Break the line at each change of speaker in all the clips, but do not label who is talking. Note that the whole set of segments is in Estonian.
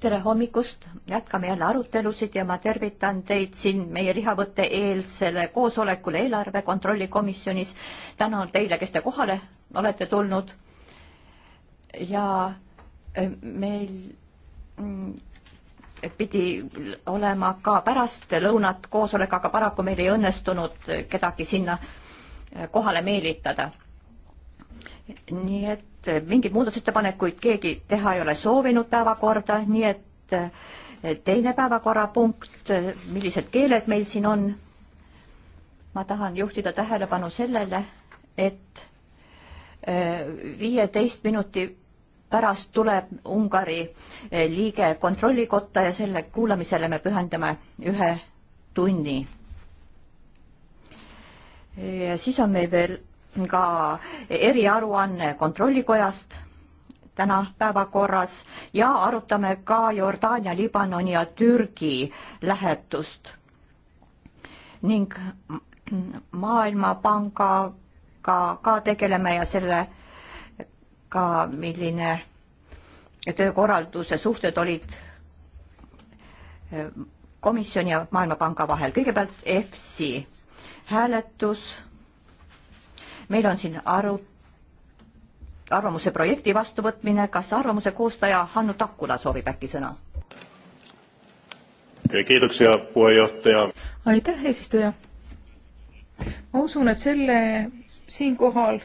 tere hommikust, jätkame jälle arutelusid ja ma tervitan teid siin meie lihavõtte eelsele koosolekule eelarve kontrolli komisjonis. tänan teile, kes te kohale olete tulnud. ja eh, meil mm, pidi olema ka pärast lõunat koosolek, aga paraku meil ei õnnestunud kedagi sinna eh, kohale meelitada nii et eh, mingeid muudatusettepanekuid keegi teha ei ole soovinud päevakorda, nii et eh, teine päevakorrapunkt, eh, millised keeled meil siin on. ma tahan juhtida tähelepanu sellele, et viieteist minuti pärast tuleb Ungari liige kontrollikotta ja selle kuulamisele me pühendame ühe tunni. ja siis on meil veel ka eriaruanne Kontrollikojast täna päevakorras ja arutame ka Jordaania, Liibanoni ja Türgi lähetust ning Maailmapangaga ka, ka tegeleme ja selle ka, milline töökorralduse suhted olid eh, komisjoni ja Maailmapanga vahel. kõigepealt EFSI hääletus meil on siin aru, arvamuse projekti vastuvõtmine, kas arvamuse koostaja Hannu Takula soovib äkki sõna?
kiitoksia, puhejuhataja.
aitäh, eesistuja. ma usun, et selle
siinkohal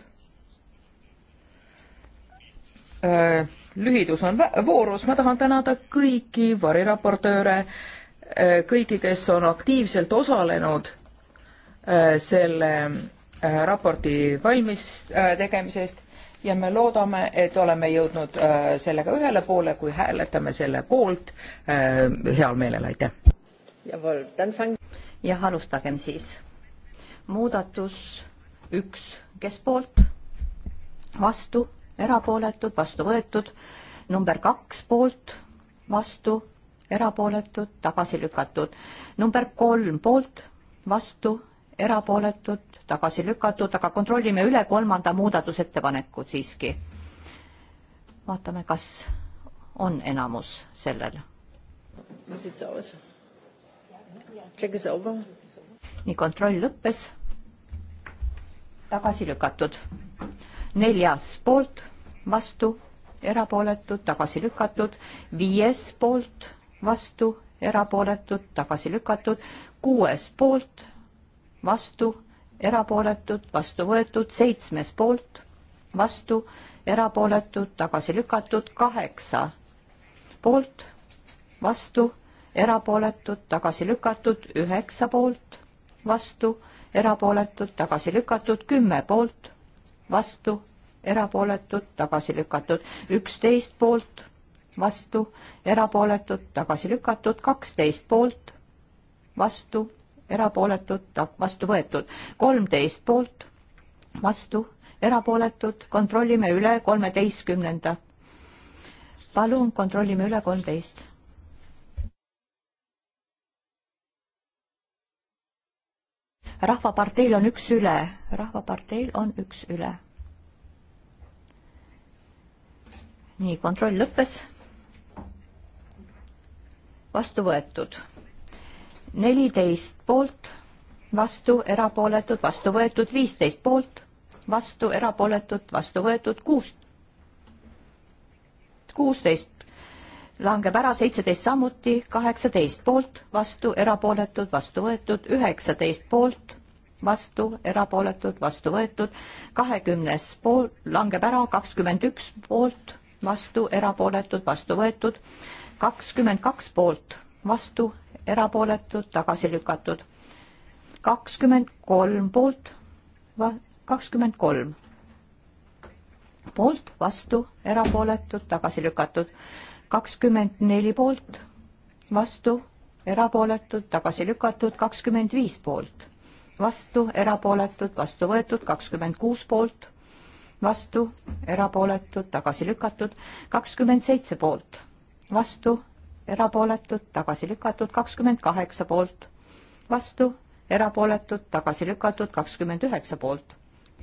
öö, lühidus on voorus, ma tahan tänada kõiki variraportööre, kõiki, kes on aktiivselt osalenud öö, selle Äh, raporti valmis äh, tegemisest ja me loodame, et oleme jõudnud äh, sellega ühele poole, kui hääletame selle poolt heal meelel, aitäh.
jah, alustagem siis. muudatus üks, kes poolt? vastu, erapooletud, vastu võetud. number kaks poolt, vastu, erapooletud, tagasi lükatud. number kolm poolt, vastu, erapooletud, tagasi lükatud, aga kontrollime üle kolmanda muudatusettepaneku siiski. vaatame, kas on enamus sellel. nii, kontroll lõppes. tagasi lükatud. neljas poolt, vastu, erapooletud, tagasi lükatud. viies poolt, vastu, erapooletud, tagasi lükatud. kuues poolt, vastu erapooletud, vastu võetud, seitsmes poolt, vastu, erapooletud, tagasi lükatud, kaheksa poolt, vastu, erapooletud, tagasi lükatud, üheksa poolt, vastu, erapooletud, tagasi lükatud, kümme poolt, vastu, erapooletud, tagasi lükatud, üksteist poolt, vastu, erapooletud, tagasi lükatud, kaksteist poolt, vastu, erapooletud, vastu võetud. kolmteist poolt, vastu, erapooletud, kontrollime üle kolmeteistkümnenda. palun kontrollime üle kolmteist. rahvaparteil on üks üle, rahvaparteil on üks üle. nii, kontroll lõppes. vastu võetud neliteist poolt, vastu erapooletud, vastu võetud, viisteist poolt, vastu erapooletud, vastu võetud, kuus, kuusteist langeb ära, seitseteist samuti, kaheksateist poolt, vastu erapooletud, vastu võetud, üheksateist poolt, vastu erapooletud, vastu võetud, kahekümnes pool langeb ära, kakskümmend üks poolt, vastu erapooletud, vastu võetud, kakskümmend kaks poolt, vastu erapooletud, tagasi lükatud. kakskümmend kolm poolt, kakskümmend kolm poolt, vastu, erapooletud, tagasi lükatud. kakskümmend neli poolt, vastu, erapooletud, tagasi lükatud, kakskümmend viis poolt, vastu, erapooletud, vastu võetud, kakskümmend kuus poolt, vastu, erapooletud, tagasi lükatud, kakskümmend seitse poolt, vastu, erapooletud, tagasi lükatud, kakskümmend kaheksa poolt, vastu, erapooletud, tagasi lükatud, kakskümmend üheksa poolt,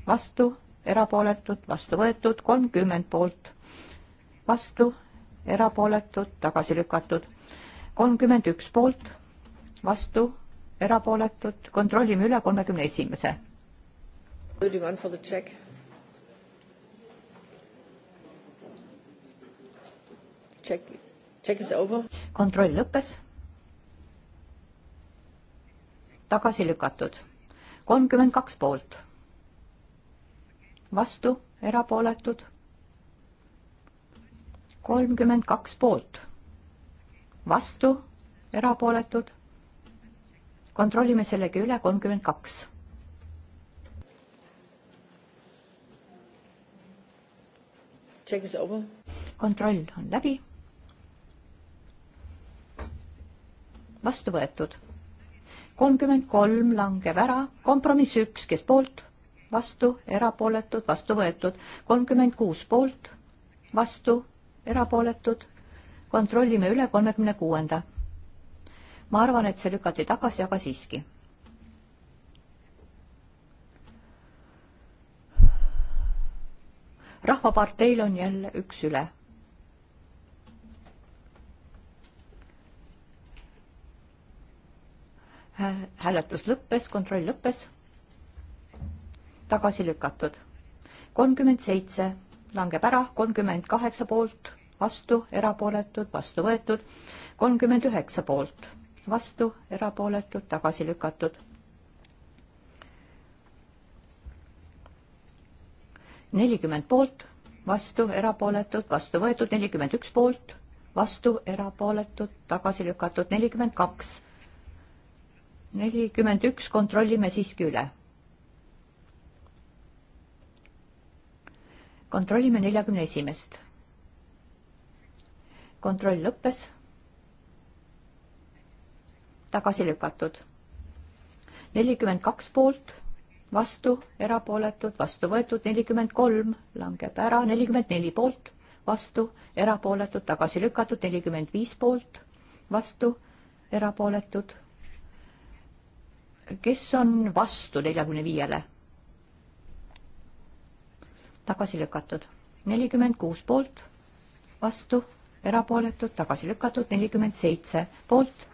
vastu, erapooletud, vastu võetud, kolmkümmend poolt, vastu, erapooletud, tagasi lükatud, kolmkümmend üks poolt, vastu, erapooletud, kontrollime üle kolmekümne esimese. Thirty-one for the check. Check it kontroll lõppes. tagasi lükatud. kolmkümmend kaks poolt. vastu, erapooletud. kolmkümmend kaks poolt. vastu, erapooletud. kontrollime sellegi üle, kolmkümmend kaks. kontroll on läbi vastu võetud. kolmkümmend kolm langeb ära, kompromiss üks, kes poolt, vastu, erapooletud, vastu võetud. kolmkümmend kuus poolt, vastu, erapooletud. kontrollime üle kolmekümne kuuenda. ma arvan, et see lükati tagasi, aga siiski. rahvaparteil on jälle üks üle hääletus lõppes, kontroll lõppes. tagasi lükatud. kolmkümmend seitse langeb ära, kolmkümmend kaheksa poolt, vastu, erapooletud, vastu võetud, kolmkümmend üheksa poolt, vastu, erapooletud, tagasi lükatud. nelikümmend poolt, vastu, erapooletud, vastu võetud, nelikümmend üks poolt, vastu, erapooletud, tagasi lükatud, nelikümmend kaks nelikümmend üks, kontrollime siiski üle. kontrollime neljakümne esimest. kontroll lõppes. tagasi lükatud. nelikümmend kaks poolt, vastu, erapooletud, vastu võetud, nelikümmend kolm langeb ära, nelikümmend neli poolt, vastu, erapooletud, tagasi lükatud, nelikümmend viis poolt, vastu, erapooletud kes on vastu neljakümne viiele? tagasi lükatud. nelikümmend kuus poolt, vastu, erapooletud, tagasi lükatud, nelikümmend seitse poolt,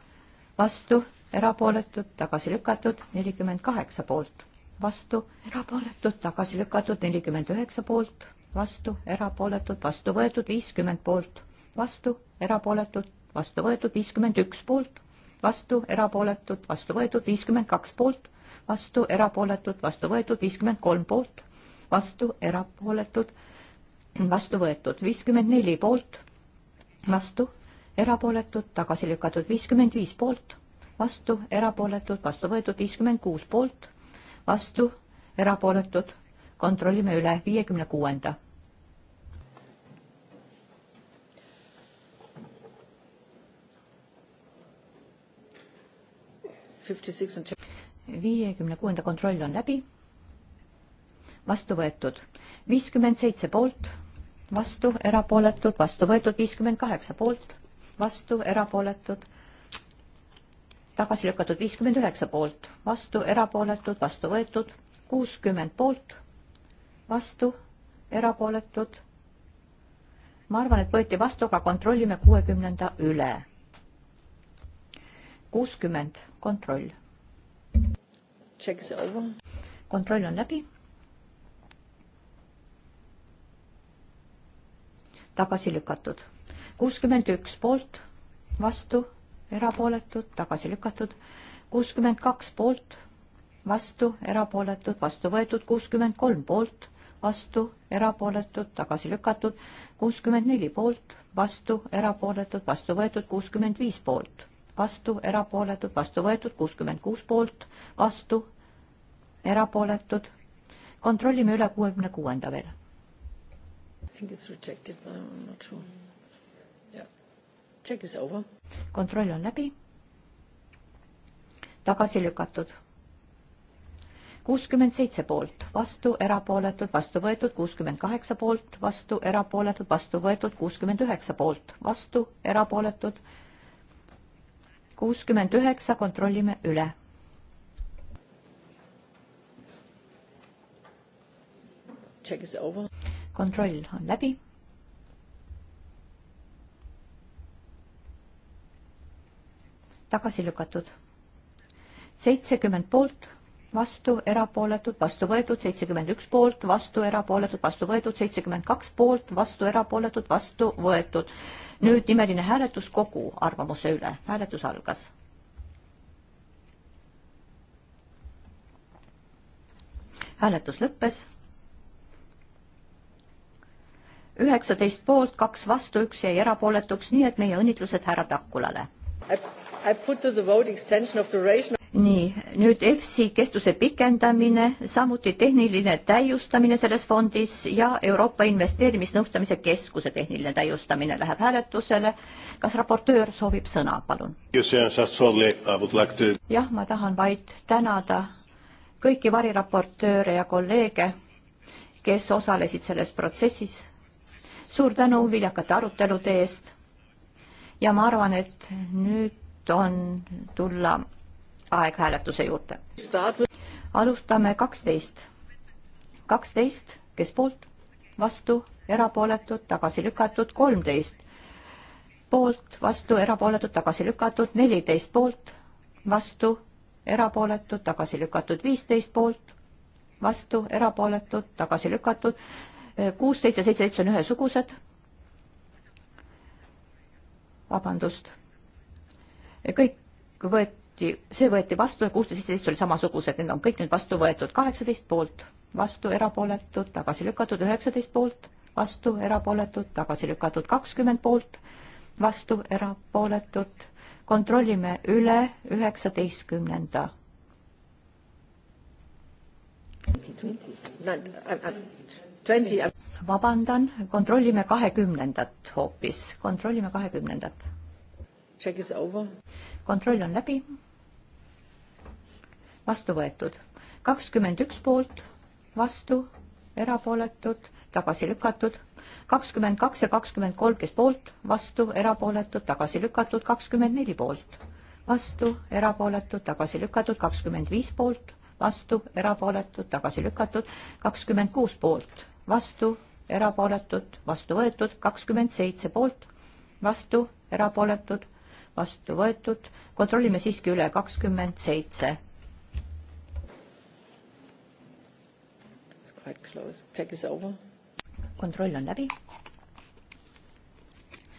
vastu, erapooletud, tagasi lükatud, nelikümmend kaheksa poolt, vastu, erapooletud, tagasi lükatud, nelikümmend üheksa poolt, vastu, erapooletud, vastu võetud, viiskümmend poolt, vastu, erapooletud, vastu võetud, viiskümmend üks poolt, vastu, erapooletud, vastu võetud, viiskümmend kaks poolt, vastu, erapooletud, vastu võetud, viiskümmend kolm poolt, vastu, erapooletud, vastu võetud, viiskümmend neli poolt, vastu, erapooletud, tagasi lükatud, viiskümmend viis poolt, vastu, erapooletud, vastu võetud, viiskümmend kuus poolt, vastu, erapooletud, kontrollime üle, viiekümne kuuenda viiekümne kuuenda kontroll on läbi. vastu võetud viiskümmend seitse poolt, vastu erapooletud, vastu võetud viiskümmend kaheksa poolt, vastu erapooletud, tagasi lükatud viiskümmend üheksa poolt, vastu erapooletud, vastu võetud kuuskümmend poolt, vastu erapooletud. ma arvan, et võeti vastu, aga kontrollime kuuekümnenda üle kuuskümmend, kontroll. kontroll on läbi. tagasi lükatud. kuuskümmend üks poolt, vastu, erapooletud, tagasi lükatud. kuuskümmend kaks poolt, vastu, erapooletud, vastu võetud. kuuskümmend kolm poolt, vastu, erapooletud, tagasi lükatud. kuuskümmend neli poolt, vastu, erapooletud, vastu võetud. kuuskümmend viis poolt vastu, erapooletud, vastu võetud, kuuskümmend kuus poolt, vastu, erapooletud. kontrollime üle kuuekümne kuuenda veel. kontroll on läbi. tagasi lükatud. kuuskümmend seitse poolt, vastu, erapooletud, vastu võetud, kuuskümmend kaheksa poolt, vastu, erapooletud, vastu võetud, kuuskümmend üheksa poolt, vastu, erapooletud kuuskümmend üheksa, kontrollime üle. kontroll on läbi. tagasi lükatud. seitsekümmend poolt vastu, erapooletud, vastu võetud, seitsekümmend üks poolt, vastu, erapooletud, vastu võetud, seitsekümmend kaks poolt, vastu, erapooletud, vastu võetud. nüüd nimeline hääletus kogu arvamuse üle. hääletus algas. hääletus lõppes. üheksateist poolt, kaks vastu, üks jäi erapooletuks, nii et meie õnnitlused härra Takulale.
I put to the vote extension
of duration nii, nüüd EFSI kestuse pikendamine, samuti tehniline täiustamine selles fondis ja Euroopa Investeerimisnõustamise Keskuse tehniline täiustamine läheb hääletusele. kas raportöör soovib sõna, palun? jah, ma tahan vaid tänada kõiki variraportööre ja kolleege, kes osalesid selles protsessis. suur tänu viljakate arutelude eest. ja ma arvan, et nüüd on tulla aeg hääletuse juurde. alustame kaksteist. kaksteist, kes poolt, vastu, erapooletud, tagasi lükatud, kolmteist poolt, vastu, erapooletud, tagasi lükatud, neliteist poolt, vastu, erapooletud, tagasi lükatud, viisteist poolt, vastu, erapooletud, tagasi lükatud, kuusteist ja seitseteist on ühesugused. vabandust. kõik võet-, võeti, see võeti vastu ja kuusteist, seitseteist oli samasugused, need on kõik nüüd vastu võetud, kaheksateist poolt, vastu erapooletud, tagasi lükatud, üheksateist poolt, vastu erapooletud, tagasi lükatud, kakskümmend poolt, vastu erapooletud, kontrollime üle üheksateistkümnenda vabandan, kontrollime kahekümnendat hoopis, kontrollime kahekümnendat. Check is over. kontroll on läbi. vastu võetud kakskümmend üks poolt, vastu, erapooletud, tagasi lükatud kakskümmend kaks ja kakskümmend kolm, kes poolt, vastu, erapooletud, tagasi lükatud, kakskümmend neli poolt, vastu, erapooletud, tagasi lükatud, kakskümmend viis poolt, vastu, erapooletud, tagasi lükatud, kakskümmend kuus poolt, vastu, erapooletud, vastu võetud, kakskümmend seitse poolt, vastu, erapooletud, vastu võetud, kontrollime siiski üle, kakskümmend seitse. kontroll on läbi.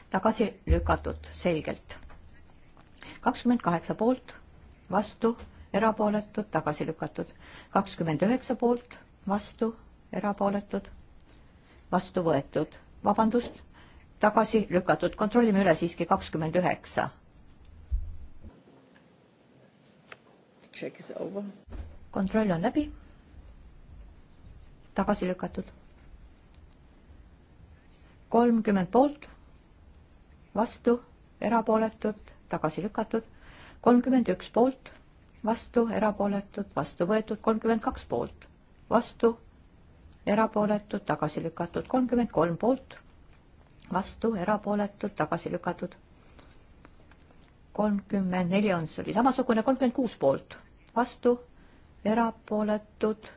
tagasi lükatud selgelt. kakskümmend kaheksa poolt, vastu, erapooletud, tagasi lükatud. kakskümmend üheksa poolt, vastu, erapooletud, vastu võetud, vabandust, tagasi lükatud, kontrollime üle siiski kakskümmend üheksa Check is over. kontroll on läbi. tagasi lükatud. kolmkümmend poolt, vastu, erapooletud, tagasi lükatud. kolmkümmend üks poolt, vastu, erapooletud, vastu võetud. kolmkümmend kaks poolt, vastu, erapooletud, tagasi lükatud. kolmkümmend kolm poolt, vastu, erapooletud, tagasi lükatud kolmkümmend neli on, see oli samasugune, kolmkümmend kuus poolt, vastu, erapooletud.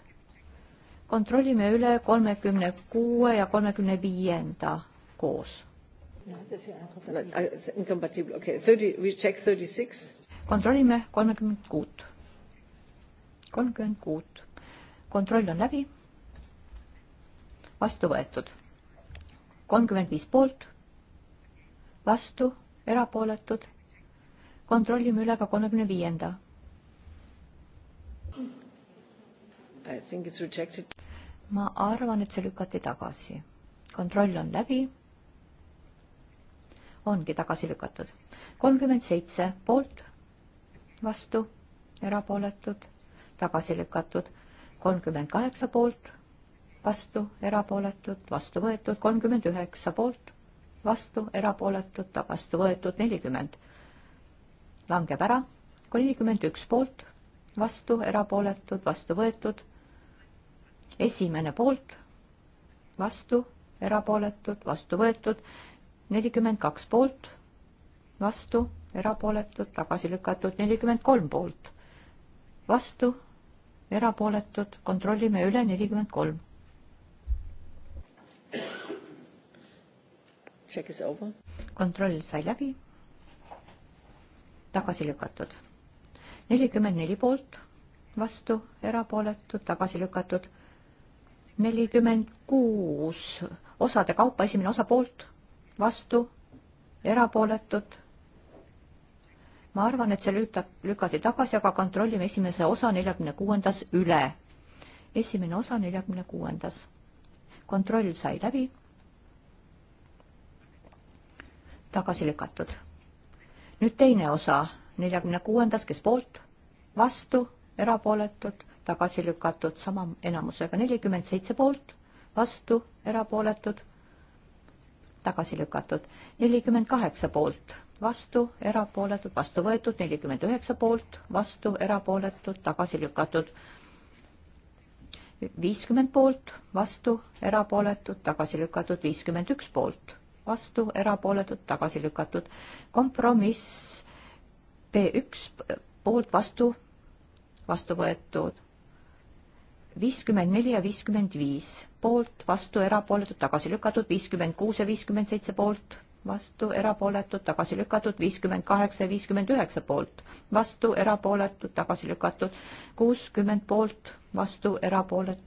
kontrollime üle kolmekümne kuue ja kolmekümne viienda koos. kontrollime kolmekümmend kuut, kolmkümmend kuut. kontroll on läbi. vastu võetud. kolmkümmend viis poolt, vastu, erapooletud kontrollime üle ka kolmekümne viienda. ma arvan, et see lükati tagasi. kontroll on läbi. ongi tagasi lükatud. kolmkümmend seitse poolt, vastu, erapooletud, tagasi lükatud. kolmkümmend kaheksa poolt, vastu, erapooletud, vastu võetud. kolmkümmend üheksa poolt, vastu, erapooletud, vastu võetud. nelikümmend langeb ära, nelikümmend üks poolt, vastu, erapooletud, vastu võetud. esimene poolt, vastu, erapooletud, vastu võetud, nelikümmend kaks poolt, vastu, erapooletud, tagasi lükatud, nelikümmend kolm poolt, vastu, erapooletud, kontrollime üle, nelikümmend kolm. kontroll sai läbi tagasi lükatud. nelikümmend neli poolt, vastu, erapooletud, tagasi lükatud. nelikümmend kuus osade kaupa, esimene osa poolt, vastu, erapooletud. ma arvan, et see lütab, lükati tagasi, aga kontrollime esimese osa neljakümne kuuendas üle. esimene osa neljakümne kuuendas. kontroll sai läbi. tagasi lükatud nüüd teine osa, neljakümne kuuendas, kes poolt, vastu, erapooletud, tagasi lükatud sama enamusega, nelikümmend seitse poolt, vastu, erapooletud, tagasi lükatud, nelikümmend kaheksa poolt, vastu, erapooletud, vastu võetud, nelikümmend üheksa poolt, vastu, erapooletud, tagasi lükatud viiskümmend poolt, vastu, erapooletud, tagasi lükatud viiskümmend üks poolt, vastu, erapooletud, tagasi lükatud. kompromiss B1 poolt vastu, vastu võetud. viiskümmend neli ja viiskümmend viis poolt, vastu, erapooletud, tagasi lükatud, viiskümmend kuus ja viiskümmend seitse poolt, vastu, erapooletud, tagasi lükatud, viiskümmend kaheksa ja viiskümmend üheksa poolt, vastu, erapooletud, tagasi lükatud, kuuskümmend poolt, vastu, erapooletud.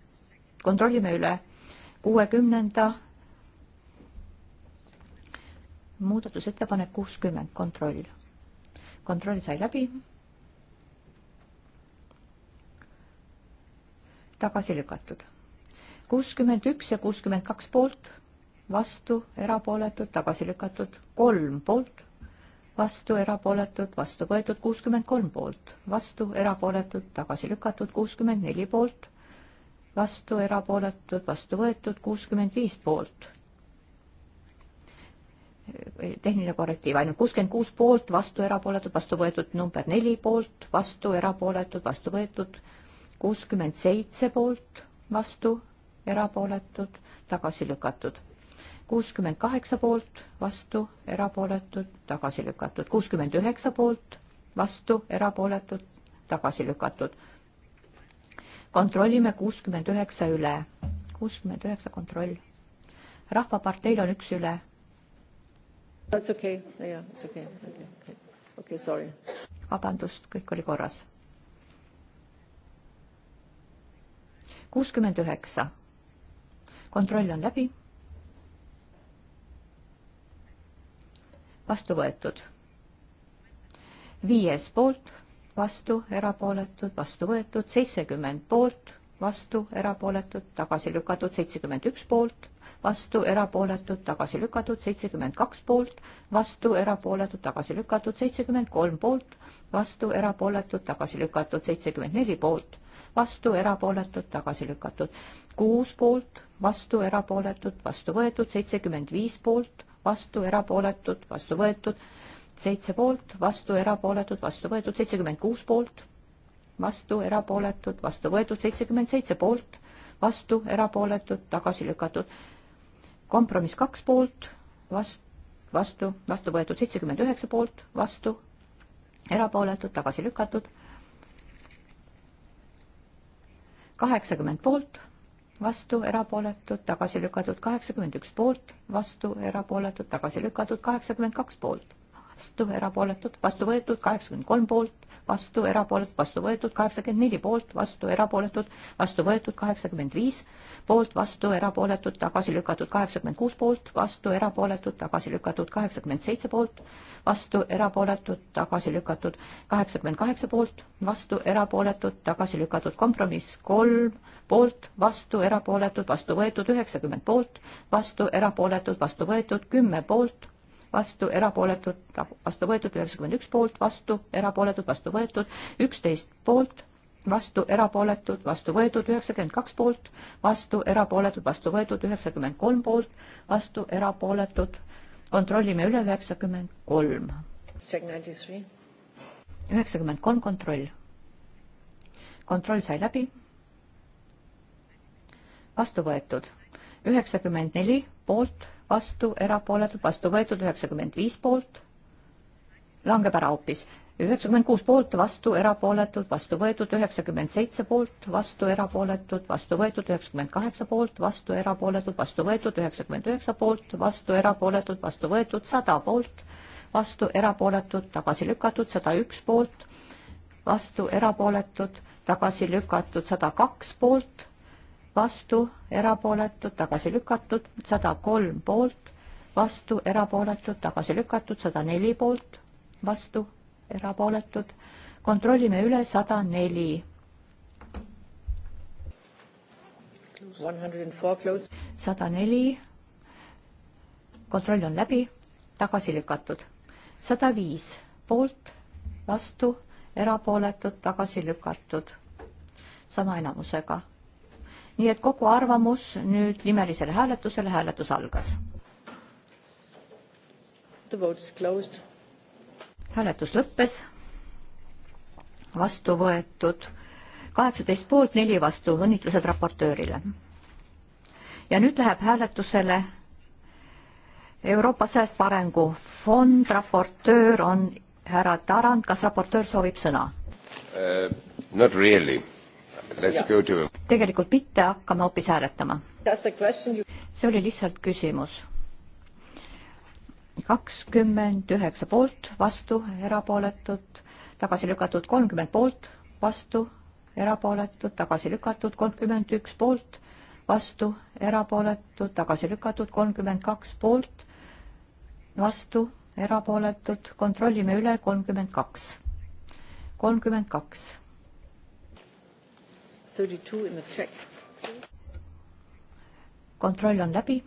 kontrollime üle kuuekümnenda muudatusettepanek kuuskümmend, kontroll. kontroll sai läbi. tagasi lükatud. kuuskümmend üks ja kuuskümmend kaks poolt, vastu, erapooletud, tagasi lükatud, kolm poolt, vastu, erapooletud, vastu võetud, kuuskümmend kolm poolt, vastu, erapooletud, tagasi lükatud, kuuskümmend neli poolt, vastu, erapooletud, vastu võetud, kuuskümmend viis poolt, tehniline korrektiiv, ainult kuuskümmend kuus poolt, vastu erapooletud, vastu võetud number neli poolt, vastu erapooletud, vastu võetud kuuskümmend seitse poolt, vastu erapooletud, tagasi lükatud. kuuskümmend kaheksa poolt, vastu erapooletud, tagasi lükatud. kuuskümmend üheksa poolt, vastu erapooletud, tagasi lükatud. kontrollime kuuskümmend üheksa üle. kuuskümmend üheksa kontroll. rahvaparteil on üks üle
That's okay, yeah, it's okay, okay, okay, okay, sorry.
vabandust, kõik oli korras. kuuskümmend üheksa. kontroll on läbi. vastu võetud. viies poolt, vastu, erapooletud, vastu võetud, seitsekümmend poolt, vastu, erapooletud, tagasi lükatud, seitsekümmend üks poolt vastu, erapooletud, tagasi lükatud, seitsekümmend kaks poolt, vastu, erapooletud, tagasi lükatud, seitsekümmend kolm poolt, vastu, erapooletud, tagasi lükatud, seitsekümmend neli poolt, vastu, erapooletud, tagasi lükatud, kuus poolt, vastu, erapooletud, vastu võetud, seitsekümmend viis poolt, vastu, erapooletud, vastu võetud, seitse poolt, vastu, erapooletud, vastu võetud, seitsekümmend kuus poolt, vastu, erapooletud, vastu võetud, seitsekümmend seitse poolt, vastu, erapooletud, tagasi lükatud kompromiss kaks poolt, vastu, vastu, vastu võetud seitsekümmend üheksa poolt, vastu, erapooletud, tagasi lükatud. kaheksakümmend poolt, vastu, erapooletud, tagasi lükatud, kaheksakümmend üks poolt, vastu, erapooletud, tagasi lükatud, kaheksakümmend kaks poolt, vastu, erapooletud, vastu võetud, kaheksakümmend kolm poolt, vastu, erapooletud, vastu võetud, kaheksakümmend neli poolt, vastu, erapooletud, vastu võetud, kaheksakümmend viis poolt, vastu, erapooletud, tagasi lükatud, kaheksakümmend kuus poolt, vastu, erapooletud, tagasi lükatud, kaheksakümmend seitse poolt, vastu, erapooletud, tagasi lükatud, kaheksakümmend kaheksa poolt, vastu, erapooletud, tagasi lükatud, kompromiss kolm poolt, vastu, erapooletud, vastu võetud, üheksakümmend poolt, vastu, erapooletud, vastu võetud, kümme poolt vastu, erapooletud, vastu võetud, üheksakümmend üks poolt, vastu, erapooletud, vastu võetud, üksteist poolt, vastu, erapooletud, vastu võetud, üheksakümmend kaks poolt, vastu, erapooletud, vastu võetud, üheksakümmend kolm poolt, vastu, erapooletud, kontrollime üle, üheksakümmend kolm. üheksakümmend kolm kontroll. kontroll sai läbi. vastu võetud, üheksakümmend neli poolt vastu, erapooletud, vastu võetud, üheksakümmend viis poolt, langeb ära hoopis, üheksakümmend kuus poolt, vastu, erapooletud, vastu võetud, üheksakümmend seitse poolt, vastu, erapooletud, vastu võetud, üheksakümmend kaheksa poolt, vastu, erapooletud, vastu võetud, üheksakümmend üheksa poolt, vastu, erapooletud, vastu võetud, sada poolt, vastu, erapooletud, tagasi lükatud, sada üks poolt, vastu, erapooletud, tagasi lükatud, sada kaks poolt vastu, erapooletud, tagasi lükatud, sada kolm poolt, vastu, erapooletud, tagasi lükatud, sada neli poolt, vastu, erapooletud. kontrollime üle sada neli. sada neli. kontroll on läbi, tagasi lükatud. sada viis poolt, vastu, erapooletud, tagasi lükatud. sama enamusega nii et kogu arvamus nüüd nimelisele hääletusele, hääletus algas. hääletus lõppes. vastu võetud kaheksateist poolt, neli vastu, õnnitlused raportöörile. ja nüüd läheb hääletusele Euroopa Säästva Arengu Fond, raportöör on härra Tarand, kas raportöör soovib sõna uh,? Not really To... tegelikult mitte hakkame hoopis hääletama. see oli lihtsalt küsimus. kakskümmend üheksa poolt, vastu, erapooletud, tagasi lükatud kolmkümmend poolt, vastu, erapooletud, tagasi lükatud kolmkümmend üks poolt, vastu, erapooletud, tagasi lükatud kolmkümmend kaks poolt, vastu, erapooletud, kontrollime üle kolmkümmend kaks kolmkümmend kaks. 32 in the check. kontroll on läbi.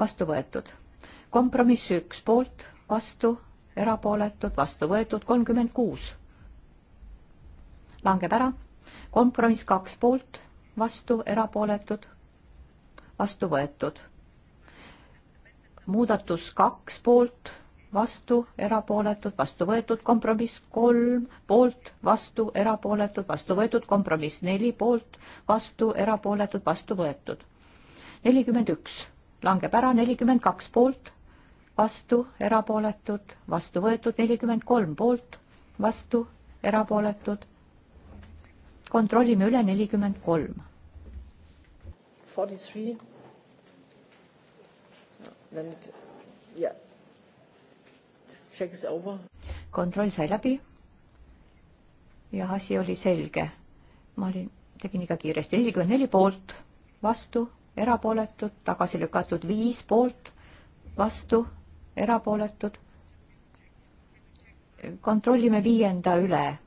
vastu võetud. kompromiss üks poolt, vastu, erapooletud, vastu võetud kolmkümmend kuus. langeb ära. kompromiss kaks poolt, vastu, erapooletud, vastu võetud. muudatus kaks poolt vastu, erapooletud, vastu võetud, kompromiss kolm, poolt, vastu, erapooletud, vastu võetud, kompromiss neli, poolt, vastu, erapooletud, vastu võetud. nelikümmend üks langeb ära, nelikümmend kaks poolt, vastu, erapooletud, vastu võetud, nelikümmend kolm poolt, vastu, erapooletud. kontrollime üle, nelikümmend kolm. Forty three.
Then it, yeah
kontroll sai läbi. jah, asi oli selge. ma olin, tegin ikka kiiresti, nelikümmend neli poolt, vastu, erapooletud, tagasi lükatud viis poolt, vastu, erapooletud. kontrollime viienda üle.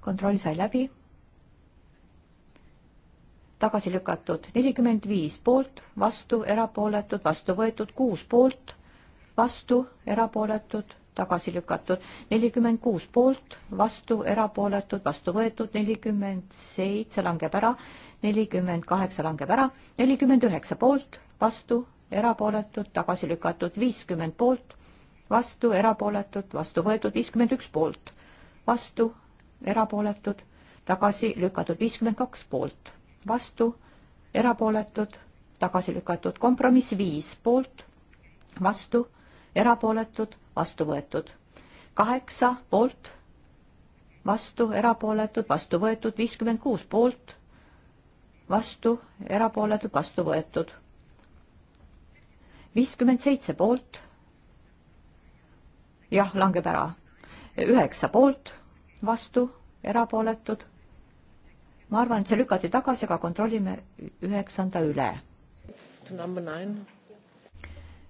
kontroll sai läbi tagasi lükatud, nelikümmend viis poolt, vastu, erapooletud, vastu võetud, kuus poolt, vastu, erapooletud, tagasi lükatud, nelikümmend kuus poolt, vastu, erapooletud, vastu võetud, nelikümmend seitse langeb ära, nelikümmend kaheksa langeb ära, nelikümmend üheksa poolt, vastu, erapooletud, tagasi lükatud, viiskümmend poolt, vastu, erapooletud, vastu võetud, viiskümmend üks poolt, vastu, erapooletud, tagasi lükatud, viiskümmend kaks poolt vastu, erapooletud, tagasi lükatud. kompromiss viis poolt, vastu, erapooletud, vastu võetud. kaheksa poolt, vastu, erapooletud, vastu võetud. viiskümmend kuus poolt, vastu, erapooletud, vastu võetud. viiskümmend seitse poolt. jah, langeb ära. üheksa poolt, vastu, erapooletud ma arvan, et see lükati tagasi, aga kontrollime üheksanda üle.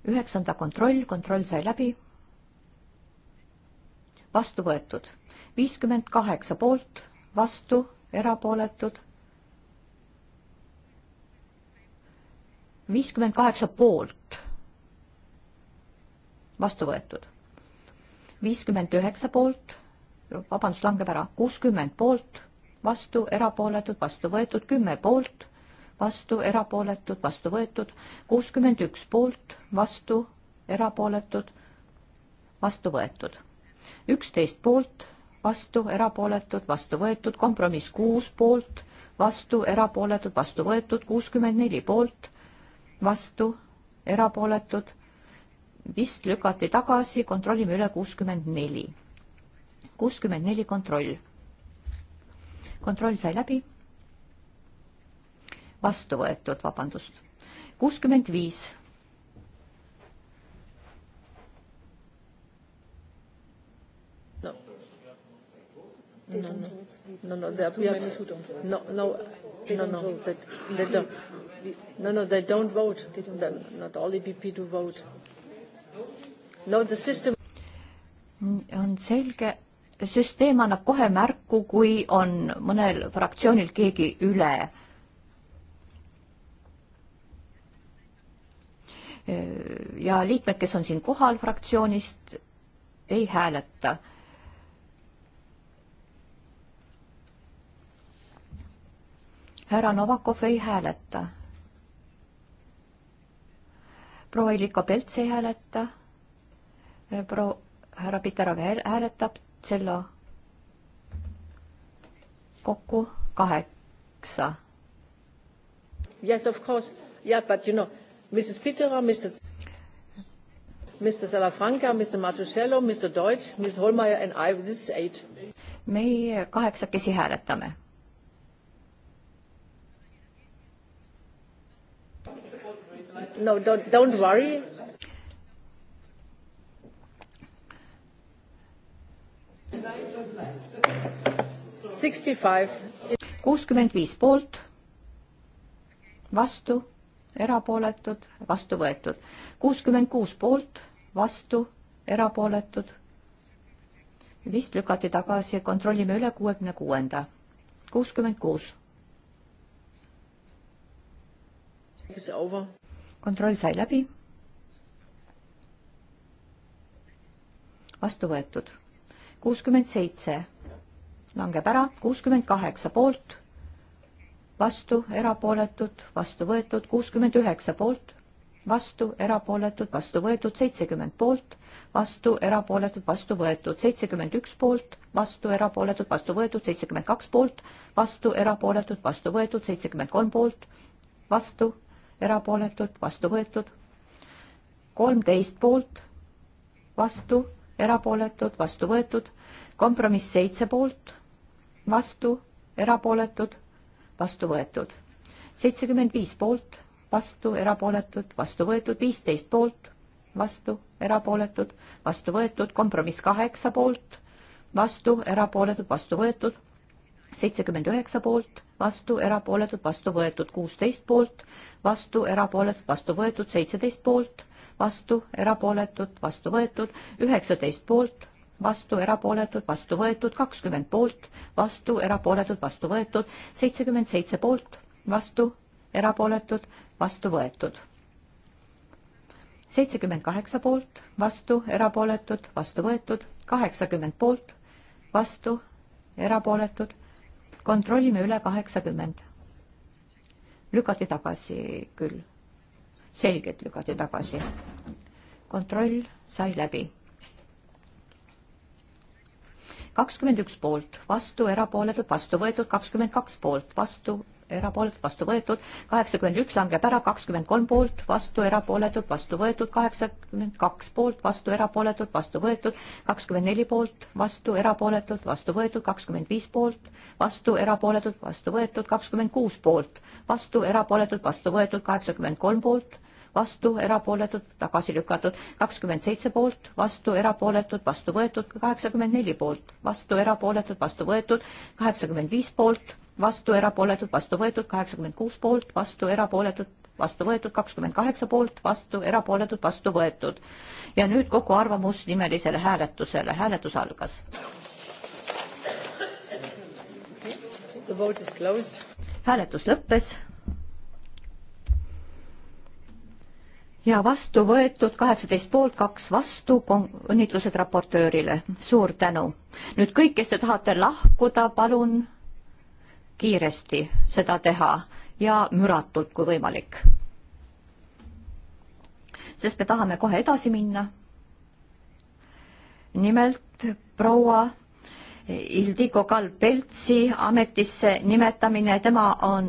üheksanda kontroll, kontroll sai läbi. vastu võetud viiskümmend kaheksa poolt, vastu, erapooletud. viiskümmend kaheksa poolt, vastu võetud. viiskümmend üheksa poolt, vabandust, langeb ära, kuuskümmend poolt vastu, erapooletud, vastu võetud, kümme poolt, vastu, erapooletud, vastu võetud, kuuskümmend üks poolt, vastu, erapooletud, vastu võetud. üksteist poolt, vastu, erapooletud, vastu võetud, kompromiss kuus poolt, vastu, erapooletud, vastu võetud, kuuskümmend neli poolt, vastu, erapooletud, vist lükati tagasi, kontrollime üle kuuskümmend neli. kuuskümmend neli kontroll kontroll sai läbi. vastu võetud, vabandust. kuuskümmend viis.
no no no no they are we are no no no no they,
they don't no no they don't vote they don't vote. not all EPP do vote
no the system on selge süsteem annab kohe märku, kui on mõnel fraktsioonil keegi üle. ja liikmed, kes on siin kohal fraktsioonist, ei hääleta. härra Novakov ei hääleta. proua Illiko Pelts ei hääleta. proua härra Pitarov hääletab Tšello kokku kaheksa.
Yes, of course. Yeah, but you know, Mrs. Pitera, Mr. Mr. Salafranca, Mr. Martuscello, Mr. Deutsch, Ms. Holmeier and I, this is eight.
meie kaheksakesi hääletame.
No don't, don't worry
kuuskümmend viis poolt, vastu, erapooletud, vastu võetud. kuuskümmend kuus poolt, vastu, erapooletud. vist lükati tagasi, kontrollime üle kuuekümne kuuenda. kuuskümmend kuus. kontroll sai läbi. vastu võetud kuuskümmend seitse langeb ära, kuuskümmend kaheksa poolt, vastu, erapooletud, vastu võetud, kuuskümmend üheksa poolt, vastu, erapooletud, vastu võetud, seitsekümmend poolt, vastu, erapooletud, vastu võetud, seitsekümmend üks poolt, vastu, erapooletud, vastu võetud, seitsekümmend kaks poolt, vastu, erapooletud, vastu võetud, seitsekümmend kolm poolt, vastu, erapooletud, vastu võetud, kolmteist poolt, vastu erapooletud, vastu võetud. kompromiss seitse poolt, vastu, erapooletud, vastu võetud. seitsekümmend viis poolt, vastu, erapooletud, vastu võetud, viisteist poolt, vastu, erapooletud, vastu võetud, kompromiss kaheksa poolt, vastu, erapooletud, vastu võetud, seitsekümmend üheksa poolt, vastu, erapooletud, vastu võetud, kuusteist poolt, vastu, erapooletud, vastu võetud, seitseteist poolt vastu, erapooletud, vastu võetud, üheksateist poolt, vastu, erapooletud, vastu võetud, kakskümmend poolt, vastu, erapooletud, vastu võetud, seitsekümmend seitse poolt, vastu, erapooletud, vastu võetud. seitsekümmend kaheksa poolt, vastu, erapooletud, vastu võetud, kaheksakümmend poolt, vastu, erapooletud, kontrollime üle kaheksakümmend. lükati tagasi küll selgelt lükati tagasi. kontroll sai läbi. kakskümmend üks poolt, vastu, erapooletud, vastu võetud, kakskümmend kaks poolt, vastu, erapooletud, vastu võetud, kaheksakümmend üks langeb ära, kakskümmend kolm poolt, vastu, erapooletud, vastu võetud, kaheksakümmend kaks poolt, vastu, erapooletud, vastu võetud, kakskümmend neli poolt, vastu, erapooletud, vastu võetud, kakskümmend viis poolt, vastu, erapooletud, vastu võetud, kakskümmend kuus poolt, vastu, erapooletud, vastu võetud, kaheksakümmend kolm poolt, vastu, erapooletud, tagasi lükatud, kakskümmend seitse poolt, vastu, erapooletud, vastu võetud, kaheksakümmend neli poolt, vastu, erapooletud, vastu võetud, kaheksakümmend viis poolt, vastu, erapooletud, vastu võetud, kaheksakümmend kuus poolt, vastu, erapooletud, vastu võetud, kakskümmend kaheksa poolt, vastu, erapooletud, vastu võetud. ja nüüd kogu arvamus nimelisele hääletusele, hääletus algas. hääletus lõppes ja vastu võetud kaheksateist poolt, kaks vastu, õnnitlused raportöörile, suur tänu. nüüd kõik, kes te tahate lahkuda, palun kiiresti seda teha ja müratult, kui võimalik. sest me tahame kohe edasi minna. nimelt proua Ildiko Kalpeltsi ametisse nimetamine, tema on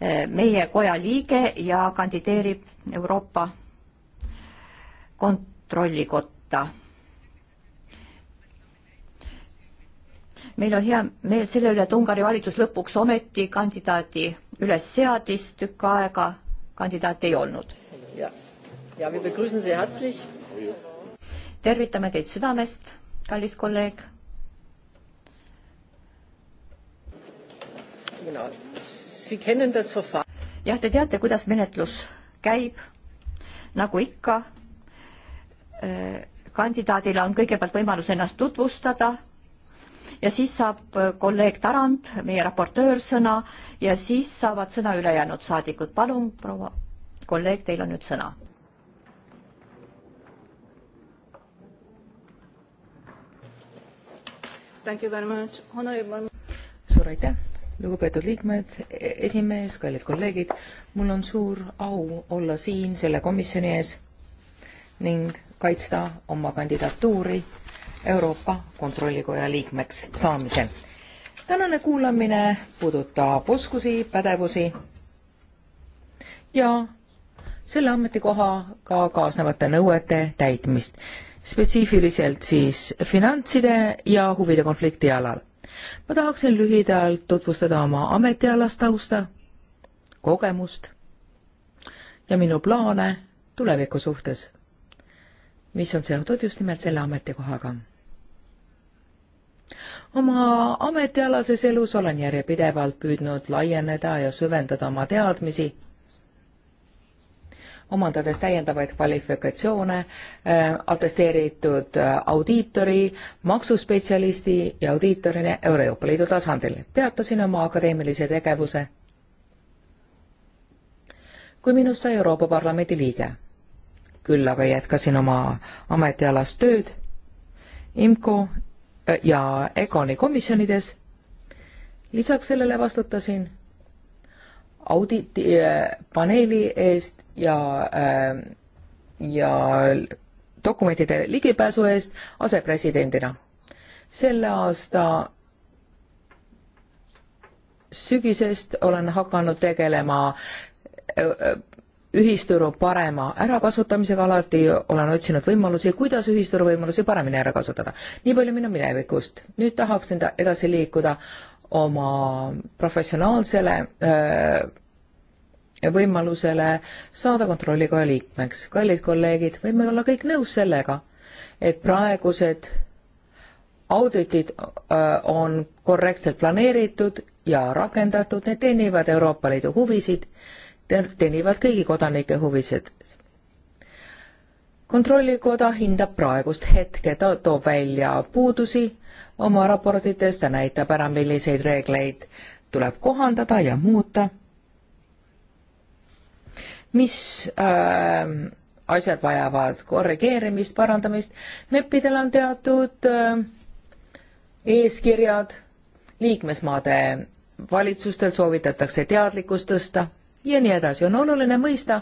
eh, meie koja liige ja kandideerib Euroopa kontrollikotta. meil on hea meel selle üle, et Ungari valitsus lõpuks ometi kandidaadi üles seadis, tükk aega kandidaati ei olnud. tervitame teid südamest, kallis kolleeg jah, te teate, kuidas menetlus käib. nagu ikka, eh, kandidaadil on kõigepealt võimalus ennast tutvustada ja siis saab eh, kolleeg Tarand, meie raportöör, sõna ja siis saavad sõna ülejäänud saadikud. palun, proua kolleeg, teil on nüüd sõna.
suur aitäh
lugupeetud liikmed, esimees, kallid kolleegid, mul on suur au olla siin selle komisjoni ees ning kaitsta oma kandidatuuri Euroopa Kontrollikoja liikmeks saamisel. tänane kuulamine puudutab oskusi, pädevusi ja selle ametikohaga ka kaasnevate nõuete täitmist, spetsiifiliselt siis finantside ja huvide konflikti alal ma tahaksin lühidalt tutvustada oma ametialast tausta, kogemust ja minu plaane tuleviku suhtes, mis on seotud just nimelt selle ametikohaga. oma ametialases elus olen järjepidevalt püüdnud laieneda ja süvendada oma teadmisi omandades täiendavaid kvalifikatsioone äh, atesteeritud äh, audiitori, maksuspetsialisti ja audiitorina Euroopa Liidu tasandil. peatasin oma akadeemilise tegevuse, kui minust sai Euroopa Parlamendi liige. küll aga jätkasin oma ametialast tööd IMCO äh, ja EGONi komisjonides. lisaks sellele vastutasin auditi äh, paneeli eest ja, äh, ja dokumentide ligipääsu eest asepresidendina. selle aasta sügisest olen hakanud tegelema äh, ühisturu parema ärakasutamisega, alati olen otsinud võimalusi, kuidas ühisturu võimalusi paremini ära kasutada. nii palju minu minevikust. nüüd tahaks enda edasi liikuda oma professionaalsele võimalusele saada kontrollikoja liikmeks. kallid kolleegid, võime olla kõik nõus sellega, et praegused auditid on korrektselt planeeritud ja rakendatud, need teenivad Euroopa Liidu huvisid, teenivad kõigi kodanike huvisid. kontrollikoda hindab praegust hetke, ta toob välja puudusi oma raportites, ta näitab ära, milliseid reegleid tuleb kohandada ja muuta, mis äh, asjad vajavad korrigeerimist, parandamist, MEP-idel on teatud äh, eeskirjad, liikmesmaade valitsustel soovitatakse teadlikkust tõsta ja nii edasi, on oluline mõista,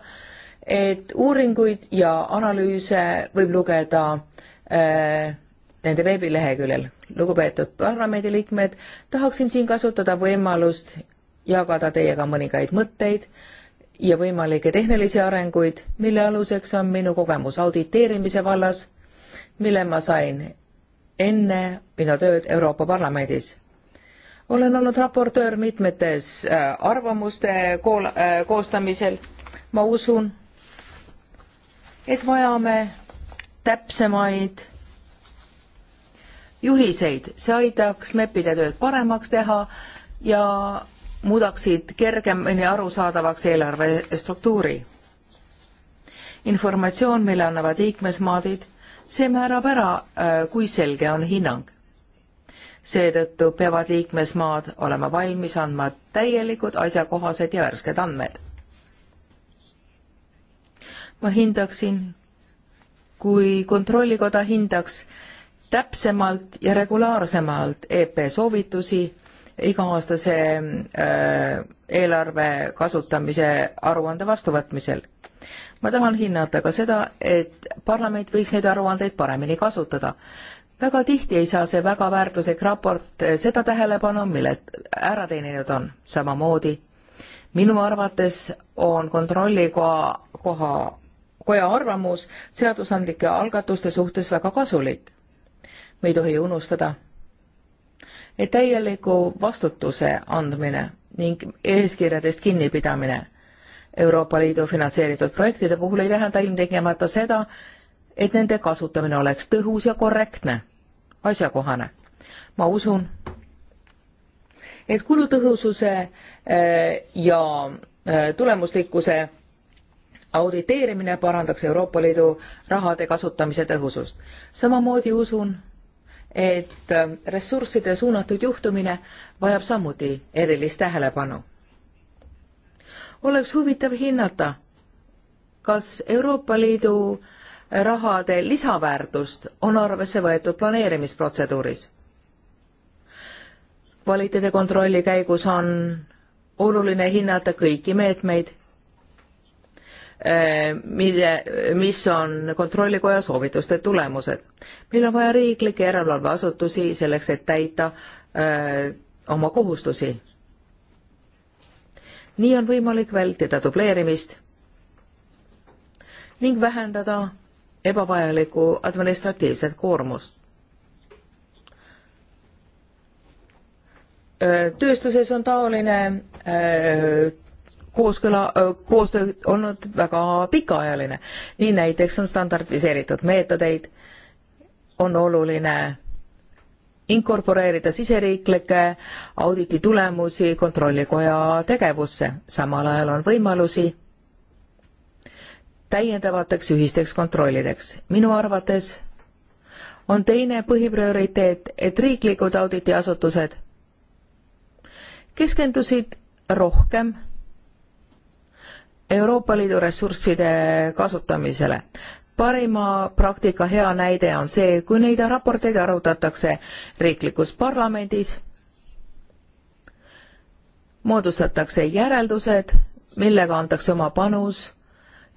et uuringuid ja analüüse võib lugeda äh, nende veebileheküljel lugupeetud parlamendiliikmed, tahaksin siin kasutada võimalust jagada teiega mõningaid mõtteid ja võimalikke tehnilisi arenguid, mille aluseks on minu kogemus auditeerimise vallas, mille ma sain enne minu tööd Euroopa Parlamendis. olen olnud raportöör mitmetes äh, arvamuste kool-, äh, koostamisel. ma usun, et vajame täpsemaid juhiseid, see aitaks MEP-ide tööd paremaks teha ja muudaksid kergemini arusaadavaks eelarve struktuuri. informatsioon, mille annavad liikmesmaadid, see määrab ära, äh, kui selge on hinnang. seetõttu peavad liikmesmaad olema valmis andma täielikud, asjakohased ja värsked andmed. ma hindaksin, kui Kontrollikoda hindaks täpsemalt ja regulaarsemalt EP soovitusi iga-aastase äh, eelarve kasutamise aruande vastuvõtmisel. ma tahan hinnata ka seda, et parlament võiks neid aruandeid paremini kasutada. väga tihti ei saa see väga väärtuslik raport äh, seda tähelepanu, mille ära teeninud on. samamoodi minu arvates on kontrollikoha, koja arvamus seadusandlike algatuste suhtes väga kasulik me ei tohi unustada, et täieliku vastutuse andmine ning eeskirjadest kinnipidamine Euroopa Liidu finantseeritud projektide puhul ei tähenda ilmtingimata seda, et nende kasutamine oleks tõhus ja korrektne, asjakohane. ma usun, et kulutõhususe äh, ja äh, tulemuslikkuse auditeerimine parandaks Euroopa Liidu rahade kasutamise tõhusust. samamoodi usun, et ähm, ressursside suunatud juhtumine vajab samuti erilist tähelepanu. oleks huvitav hinnata, kas Euroopa Liidu rahade lisaväärtust on arvesse võetud planeerimisprotseduuris. kvaliteedikontrolli käigus on oluline hinnata kõiki meetmeid Eh, mille, mis on Kontrollikoja soovituste tulemused. meil on vaja riiklikke järelevalveasutusi selleks, et täita öö, eh, oma kohustusi. nii on võimalik vältida dubleerimist ning vähendada ebavajalikku administratiivset koormust. Eh, tööstuses on taoline öö, kooskõla, koostöö olnud väga pikaajaline. nii näiteks on standardiseeritud meetodeid, on oluline inkorporeerida siseriiklikke auditi tulemusi Kontrollikoja tegevusse, samal ajal on võimalusi täiendavateks ühisteks kontrollideks. minu arvates on teine põhiprioriteet, et riiklikud auditiasutused keskendusid rohkem Euroopa Liidu ressursside kasutamisele. parima praktika hea näide on see, kui neid raporteid arutatakse riiklikus parlamendis, moodustatakse järeldused, millega antakse oma panus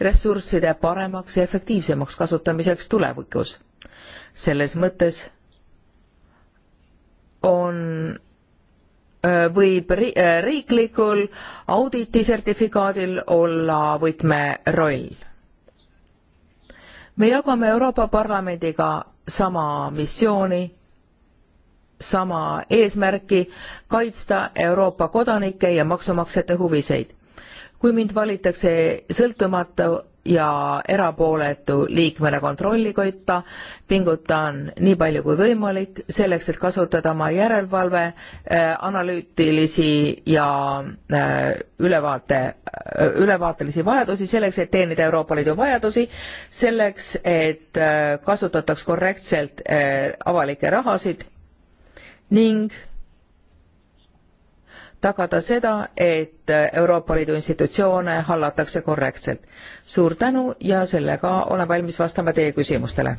ressursside paremaks ja efektiivsemaks kasutamiseks tulevikus. selles mõttes on Äh, võib äh, riiklikul auditi sertifikaadil olla võtmeroll. me jagame Euroopa Parlamendiga sama missiooni, sama eesmärki kaitsta Euroopa kodanike ja maksumaksjate huviseid. kui mind valitakse sõltumatu ja erapooletu liikmena kontrollikotta, pingutan nii palju kui võimalik, selleks et kasutada oma järelevalve äh, analüütilisi ja äh, ülevaate äh,, ülevaatelisi vajadusi, selleks et teenida Euroopa Liidu vajadusi, selleks et äh, kasutataks korrektselt äh, avalikke rahasid ning tagada seda, et Euroopa Liidu institutsioone hallatakse korrektselt. suur tänu ja sellega olen valmis vastama teie küsimustele.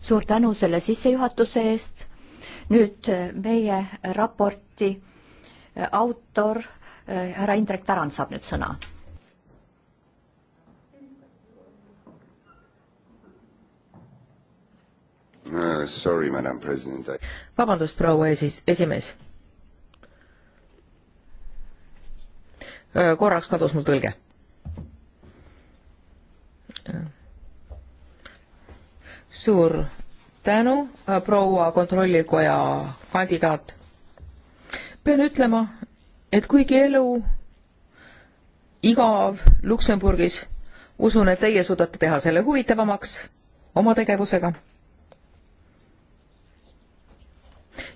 suur tänu selle sissejuhatuse eest. nüüd äh, meie raporti äh, autor äh, härra Indrek Tarand saab nüüd sõna.
Uh, sorry, madam president. vabandust, proua esi-, esimees korraks kadus mul tõlge. suur tänu, äh, proua kontrollikoja kandidaat. pean ütlema, et kuigi elu igav Luksemburgis, usun, et teie suudate teha selle huvitavamaks oma tegevusega.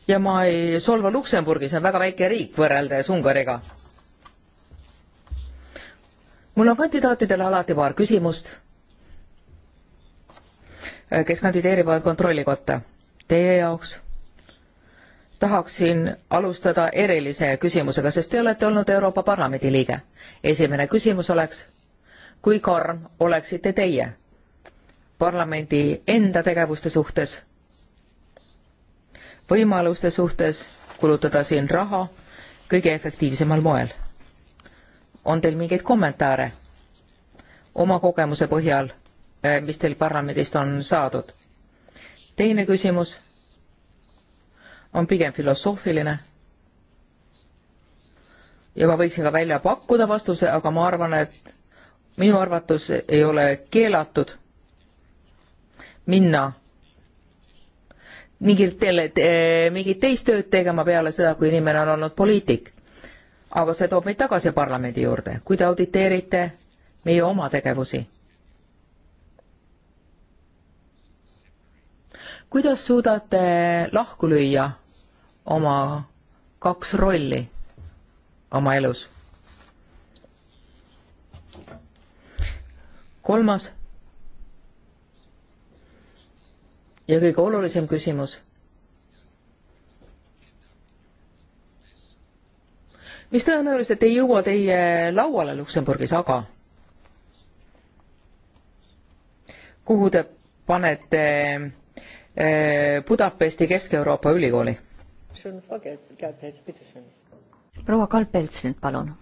ja ma ei solva Luksemburgi, see on väga väike riik võrreldes Ungariga mul on kandidaatidele alati paar küsimust, äh, kes kandideerivad Kontrollikotta. Teie jaoks tahaksin alustada erilise küsimusega, sest te olete olnud Euroopa Parlamendi liige. esimene küsimus oleks, kui karm oleksite teie parlamendi enda tegevuste suhtes, võimaluste suhtes kulutada siin raha kõige efektiivsemal moel on teil mingeid kommentaare oma kogemuse põhjal, eh, mis teil parlamendist on saadud? teine küsimus on pigem filosoofiline ja ma võiksin ka välja pakkuda vastuse, aga ma arvan, et minu arvates ei ole keelatud minna mingilt tele, mingit teist tööd tegema peale seda, kui inimene on olnud poliitik aga see toob meid tagasi parlamendi juurde, kui te auditeerite meie oma tegevusi. kuidas suudate lahku lüüa oma kaks rolli oma elus? kolmas ja kõige olulisem küsimus mis tõenäoliselt ei jõua teie lauale Luksemburgis, aga kuhu te panete eh, Budapesti Kesk-Euroopa ülikooli?
proua Kalpelts nüüd palun.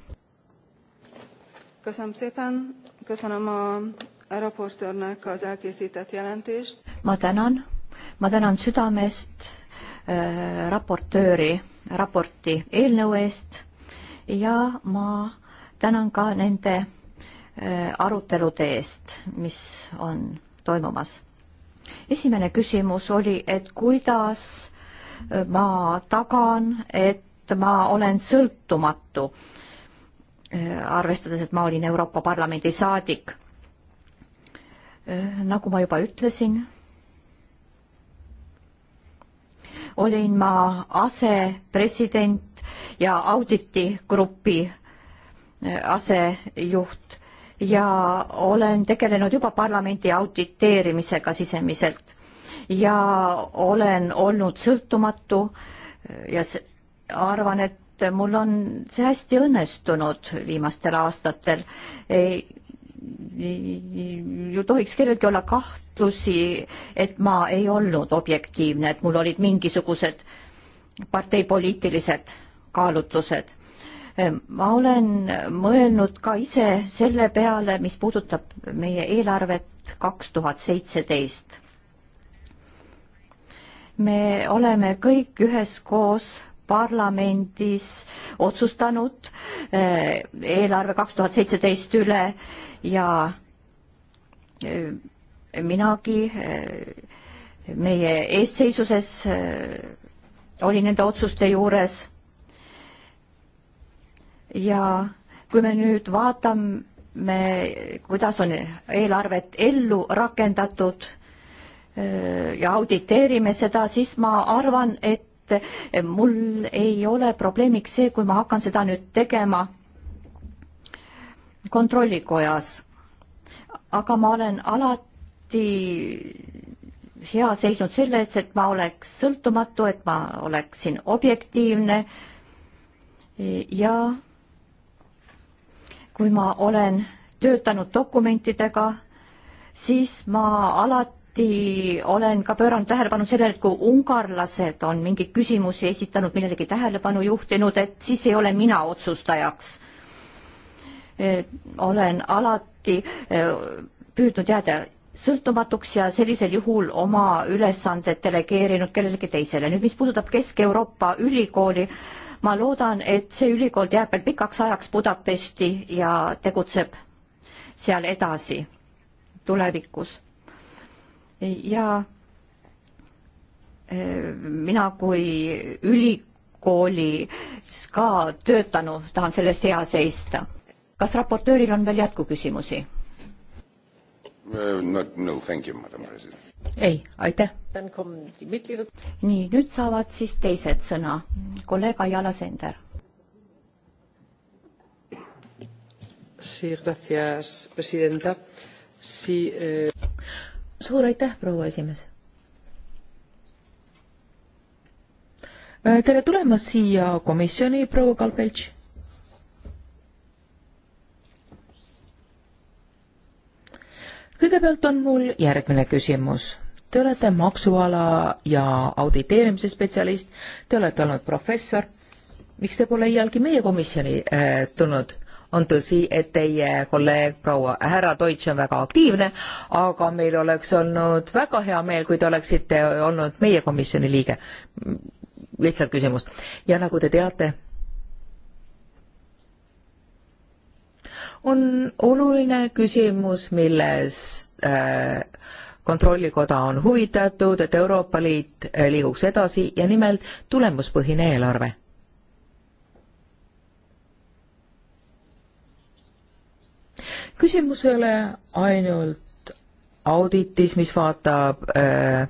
ma tänan, ma tänan südamest äh, eh, raportööri raporti eelnõu eest ja ma tänan ka nende äh, arutelude eest, mis on toimumas. esimene küsimus oli, et kuidas äh, ma tagan, et ma olen sõltumatu, äh, arvestades, et ma olin Euroopa Parlamendi saadik. nagu ma juba ütlesin olin ma asepresident ja auditigrupi äh, asejuht ja olen tegelenud juba parlamendi auditeerimisega sisemiselt ja olen olnud sõltumatu äh, ja arvan, et mul on see hästi õnnestunud viimastel aastatel ju tohiks kellelgi olla kahtlusi, et ma ei olnud objektiivne, et mul olid mingisugused parteipoliitilised kaalutlused. ma olen mõelnud ka ise selle peale, mis puudutab meie eelarvet kaks tuhat seitseteist. me oleme kõik üheskoos parlamendis otsustanud eh, eelarve kaks tuhat seitseteist üle ja eh, minagi eh, meie eestseisuses oli nende otsuste juures. ja kui me nüüd vaatame, kuidas on eelarvet ellu rakendatud ja auditeerime seda, siis ma arvan, et et mul ei ole probleemiks see, kui ma hakkan seda nüüd tegema kontrollikojas. aga ma olen alati hea seisnud selle eest, et ma oleks sõltumatu, et ma oleksin objektiivne ja kui ma olen töötanud dokumentidega, siis ma alati alati olen ka pööranud tähelepanu sellele, et kui ungarlased on mingeid küsimusi esitanud, millelegi tähelepanu juhtinud, et siis ei ole mina otsustajaks. E, olen alati e, püüdnud jääda sõltumatuks ja sellisel juhul oma ülesanded delegeerinud kellelegi teisele. nüüd, mis puudutab Kesk-Euroopa ülikooli, ma loodan, et see ülikool jääb veel pikaks ajaks Budapesti ja tegutseb seal edasi tulevikus ja eh, mina kui ülikoolis ka töötanu tahan selle eest hea seista. kas raportööril on veel jätkuküsimusi? Not, no thank you, madam president. ei, aitäh. nii, nüüd saavad siis teised sõna. kolleeg Ayala Sender.
Sí, gracias, presidenta. Sí, eh
suur aitäh,
proua esimees äh, tere tulemast siia komisjoni, proua Kalbelts. kõigepealt on mul järgmine küsimus. Te olete maksuala ja auditeerimise spetsialist, te olete olnud professor. miks te pole iialgi meie komisjoni äh, tulnud? on tõsi, et teie kolleeg proua härra Deutsch on väga aktiivne, aga meil oleks olnud väga hea meel, kui te oleksite olnud meie komisjoni liige. lihtsalt küsimus. ja nagu te teate, on oluline küsimus, milles äh, kontrollikoda on huvitatud, et Euroopa Liit äh, liiguks edasi ja nimelt tulemuspõhine eelarve küsimus ei ole ainult auditis, mis vaatab äh,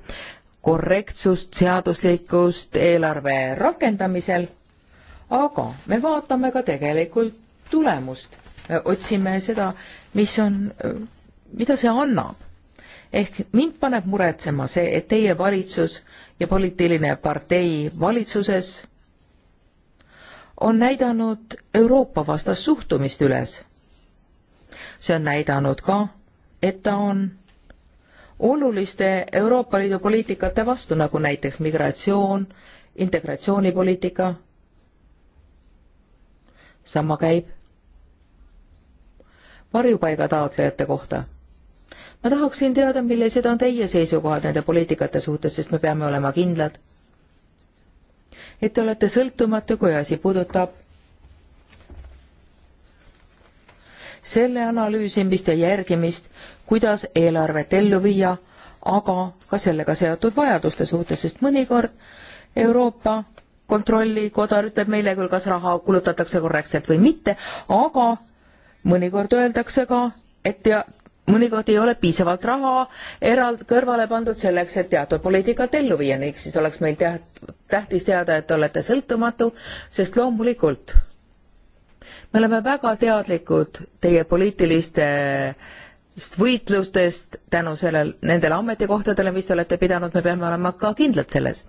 korrektsust, seaduslikkust eelarve rakendamisel, aga me vaatame ka tegelikult tulemust, otsime seda, mis on, mida see annab. ehk mind paneb muretsema see, et teie valitsus ja poliitiline partei valitsuses on näidanud Euroopa vastast suhtumist üles see on näidanud ka, et ta on oluliste Euroopa Liidu poliitikate vastu, nagu näiteks migratsioon, integratsioonipoliitika. sama käib varjupaiga taotlejate kohta. ma tahaksin teada, millised on teie seisukohad nende poliitikate suhtes, sest me peame olema kindlad, et te olete sõltumatu, kui asi puudutab selle analüüsimist ja järgimist, kuidas eelarvet ellu viia, aga ka sellega seotud vajaduste suhtes, sest mõnikord Euroopa Kontrollikoda ütleb meile küll, kas raha kulutatakse korrektselt või mitte, aga mõnikord öeldakse ka, et ja mõnikord ei ole piisavalt raha eraldi kõrvale pandud selleks, et teatud poliitikat ellu viia, ning siis oleks meil teht, tähtis teada, et te olete sõltumatu, sest loomulikult me oleme väga teadlikud teie poliitilistest võitlustest tänu sellel, nendele ametikohtadele, mis te olete pidanud, me peame olema ka kindlad selles.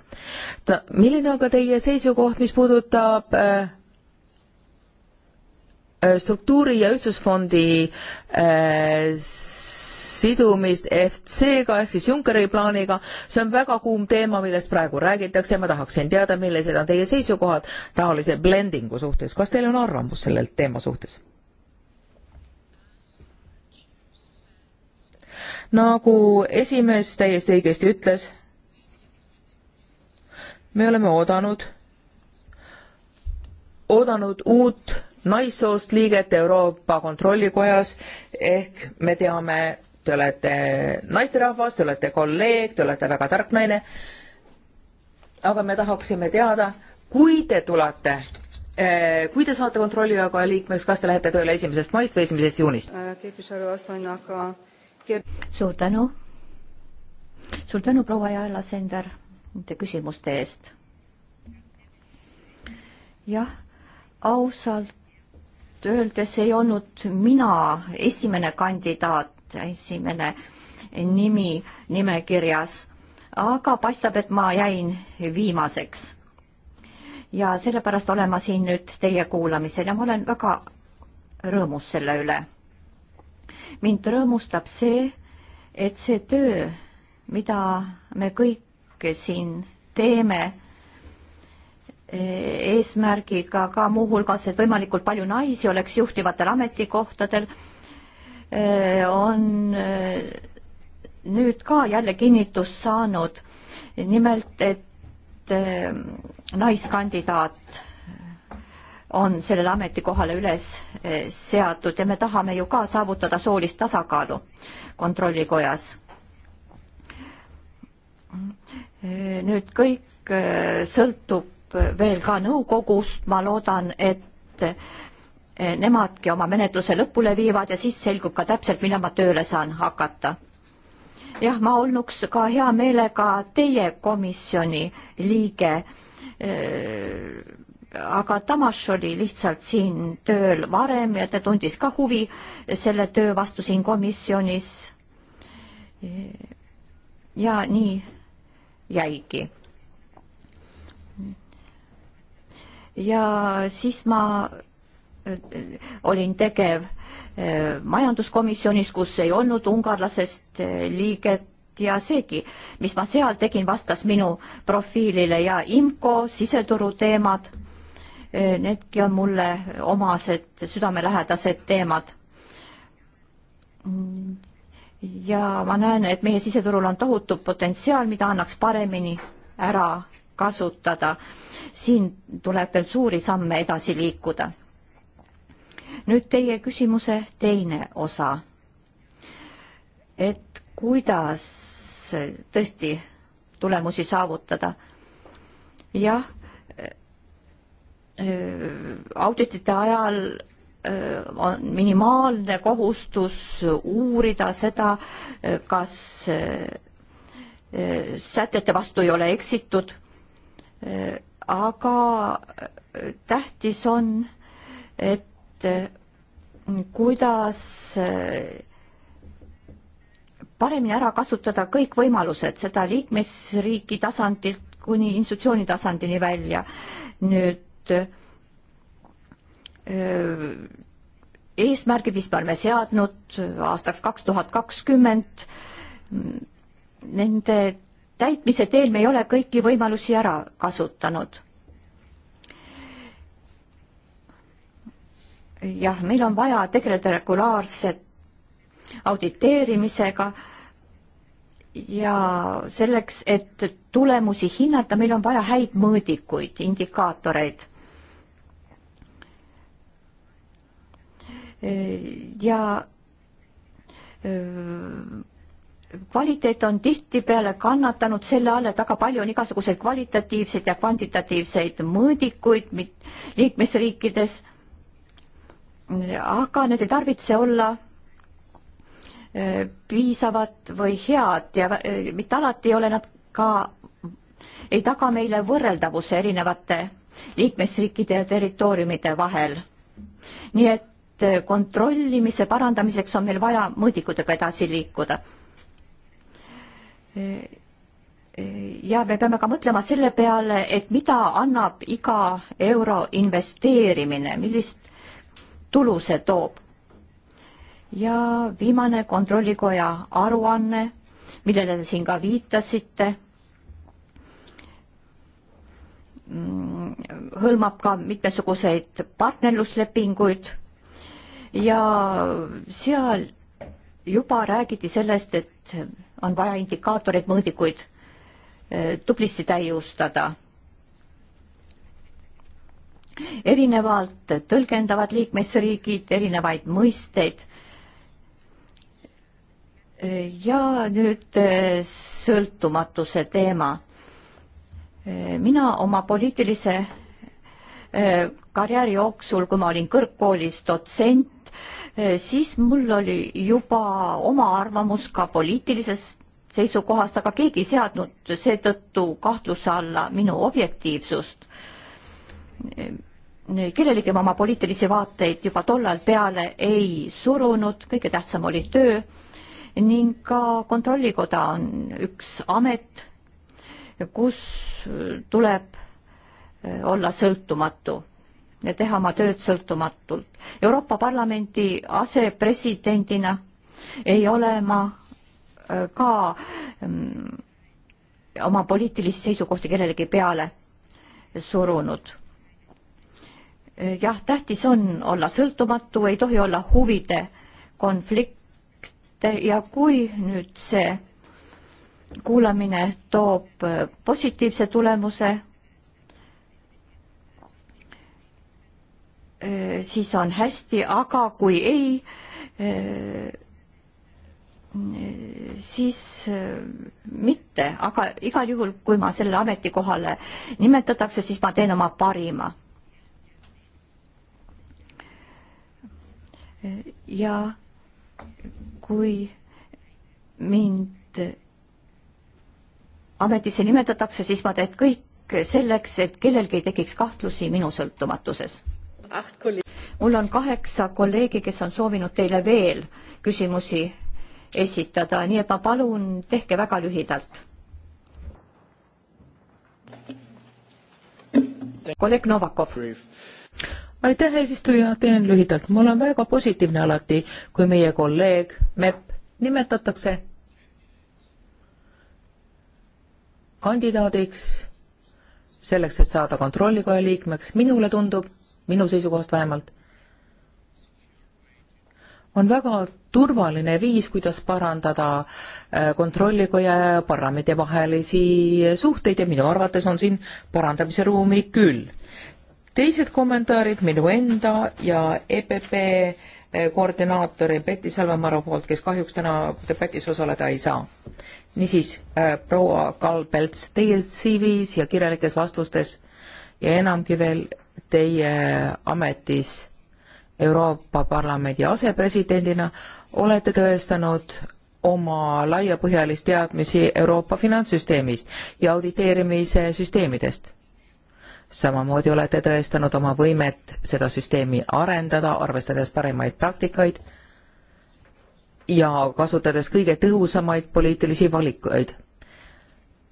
milline on ka teie seisukoht, mis puudutab äh, struktuuri ja ühtsusfondi äh, sidumist FC-ga ehk siis Junckeri plaaniga. see on väga kuum teema, millest praegu räägitakse, ma tahaksin teada, millised on teie seisukohad taolise blendingu suhtes, kas teil on arvamus sellel teema suhtes? nagu esimees täiesti õigesti ütles, me oleme oodanud, oodanud uut naissoost liiget Euroopa Kontrollikojas ehk me teame te olete naisterahvas, te olete kolleeg, te olete väga tark naine. aga me tahaksime teada, kui te tulete, eh, kui te saate kontrollijaga liikmeks, kas te lähete tööle esimesest maist või esimesest juunist?
suur tänu. suur tänu, proua Jaela Sender, nende küsimuste eest. jah, ausalt öeldes ei olnud mina esimene kandidaat esimene nimi nimekirjas, aga paistab, et ma jäin viimaseks. ja sellepärast olen ma siin nüüd teie kuulamisel ja ma olen väga rõõmus selle üle. mind rõõmustab see, et see töö, mida me kõik siin teeme, e, eesmärgiga ka muuhulgas, et võimalikult palju naisi oleks juhtivatel ametikohtadel Äh, on äh, nüüd ka jälle kinnitust saanud. nimelt, et äh, naiskandidaat on sellele ametikohale üles seatud ja me tahame ju ka saavutada soolist tasakaalu kontrollikojas. nüüd kõik sõltub veel ka nõukogust, ma loodan, et Eh, nemadki oma menetluse lõpule viivad ja siis selgub ka täpselt, millal ma tööle saan hakata. jah, ma olnuks ka hea meelega teie komisjoni liige. Eh, aga Tamas oli lihtsalt siin tööl varem ja ta tundis ka huvi selle töö vastu siin komisjonis. Eh, ja nii jäigi ja siis ma olin tegev eh, majanduskomisjonis, kus ei olnud ungarlasest eh, liiget ja seegi, mis ma seal tegin, vastas minu profiilile ja IMCO siseturu teemad, eh, needki on mulle omased südamelähedased teemad. ja ma näen, et meie siseturul on tohutu potentsiaal, mida annaks paremini ära kasutada. siin tuleb veel suuri samme edasi liikuda nüüd teie küsimuse teine osa. et kuidas tõesti tulemusi saavutada? jah, äh, auditite ajal äh, on minimaalne kohustus uurida seda, äh, kas sätete vastu ei ole eksitud, aga tähtis on, et et kuidas eh, paremini ära kasutada kõik võimalused, seda liikmesriigi tasandilt kuni institutsiooni tasandini välja. nüüd eh, eesmärgid, mis me oleme seadnud aastaks kaks tuhat kakskümmend, nende täitmise teel me ei ole kõiki võimalusi ära kasutanud jah, meil on vaja tegeleda regulaarse auditeerimisega ja selleks, et tulemusi hinnata, meil on vaja häid mõõdikuid, indikaatoreid. ja kvaliteet on tihtipeale kannatanud selle all, et väga palju on igasuguseid kvalitatiivseid ja kvantitatiivseid mõõdikuid liikmesriikides aga need ei tarvitse olla äh, piisavad või head ja äh, mitte alati ei ole nad ka, ei taga meile võrreldavuse erinevate liikmesriikide ja territooriumide vahel. nii et äh, kontrollimise parandamiseks on meil vaja mõõdikutega edasi liikuda. ja me peame ka mõtlema selle peale, et mida annab iga euro investeerimine, millist tulu see toob. ja viimane kontrollikoja aruanne, millele te siin ka viitasite, mm, hõlmab ka mitmesuguseid partnerluslepinguid ja seal juba räägiti sellest, et on vaja indikaatoreid, mõõdikuid eh, tublisti täiustada erinevalt tõlgendavad liikmesriigid erinevaid mõisteid. ja nüüd eh, sõltumatuse teema. Eh, mina oma poliitilise eh, karjääri jooksul, kui ma olin kõrgkoolis dotsent, siis mul oli juba oma arvamus ka poliitilisest seisukohast, aga keegi ei seadnud seetõttu kahtluse alla minu objektiivsust kellelegi ma oma poliitilisi vaateid juba tollal peale ei surunud, kõige tähtsam oli töö ning ka Kontrollikoda on üks amet, kus tuleb eh, olla sõltumatu ja teha oma tööd sõltumatult. Euroopa Parlamendi asepresidendina ei ole ma eh, ka mm, oma poliitilisi seisukohti kellelegi peale surunud jah, tähtis on olla sõltumatu, ei tohi olla huvide konflikte ja kui nüüd see kuulamine toob positiivse tulemuse, eh, siis on hästi, aga kui ei, eh, siis eh, mitte, aga igal juhul, kui ma selle ametikohale nimetatakse, siis ma teen oma parima ja kui mind ametisse nimetatakse, siis ma teen kõik selleks, et kellelgi ei tekiks kahtlusi minu sõltumatuses. mul on kaheksa kolleegi, kes on soovinud teile veel küsimusi esitada, nii et ma palun, tehke väga lühidalt. kolleeg
Novakov aitäh, eesistuja, teen lühidalt. mul on väga positiivne alati, kui meie kolleeg MEP nimetatakse kandidaadiks selleks, et saada kontrollikoja liikmeks, minule tundub, minu seisukohast vähemalt, on väga turvaline viis, kuidas parandada äh, kontrollikoja ja parlamendi vahelisi suhteid ja minu arvates on siin parandamise ruumi küll teised kommentaarid minu enda ja EPP eh, koordinaatori Betty Salvemaro poolt, kes kahjuks täna debatis osaleda ei saa. niisiis äh,, proua Kalbelts, teie CV-s ja kirjalikes vastustes ja enamgi veel teie ametis Euroopa Parlamendi asepresidendina olete tõestanud oma laiapõhjalist teadmisi Euroopa finantssüsteemist ja auditeerimise süsteemidest samamoodi olete tõestanud oma võimet seda süsteemi arendada, arvestades paremaid praktikaid ja kasutades kõige tõhusamaid poliitilisi valikuid.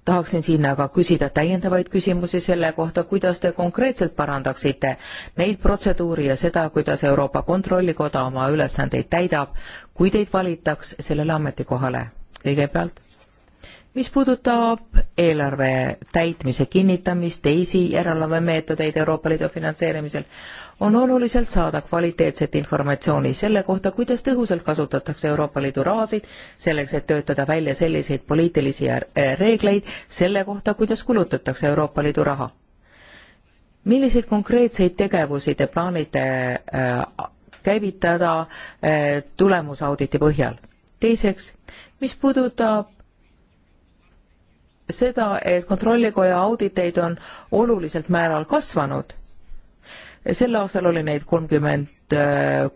tahaksin siin aga küsida täiendavaid küsimusi selle kohta, kuidas te konkreetselt parandaksite neid protseduuri ja seda, kuidas Euroopa Kontrollikoda oma ülesandeid täidab, kui teid valitaks sellele ametikohale. kõigepealt mis puudutab eelarve täitmise kinnitamist, teisi järelevalvemeetodeid Euroopa Liidu finantseerimisel, on oluliselt saada kvaliteetset informatsiooni selle kohta, kuidas tõhusalt kasutatakse Euroopa Liidu rahasid selleks, et töötada välja selliseid poliitilisi äh, reegleid selle kohta, kuidas kulutatakse Euroopa Liidu raha. milliseid konkreetseid tegevusi te plaanite äh, käivitada äh, tulemusauditi põhjal? teiseks, mis puudutab seda, et Kontrollikoja auditeid on oluliselt määral kasvanud. sel aastal oli neid kolmkümmend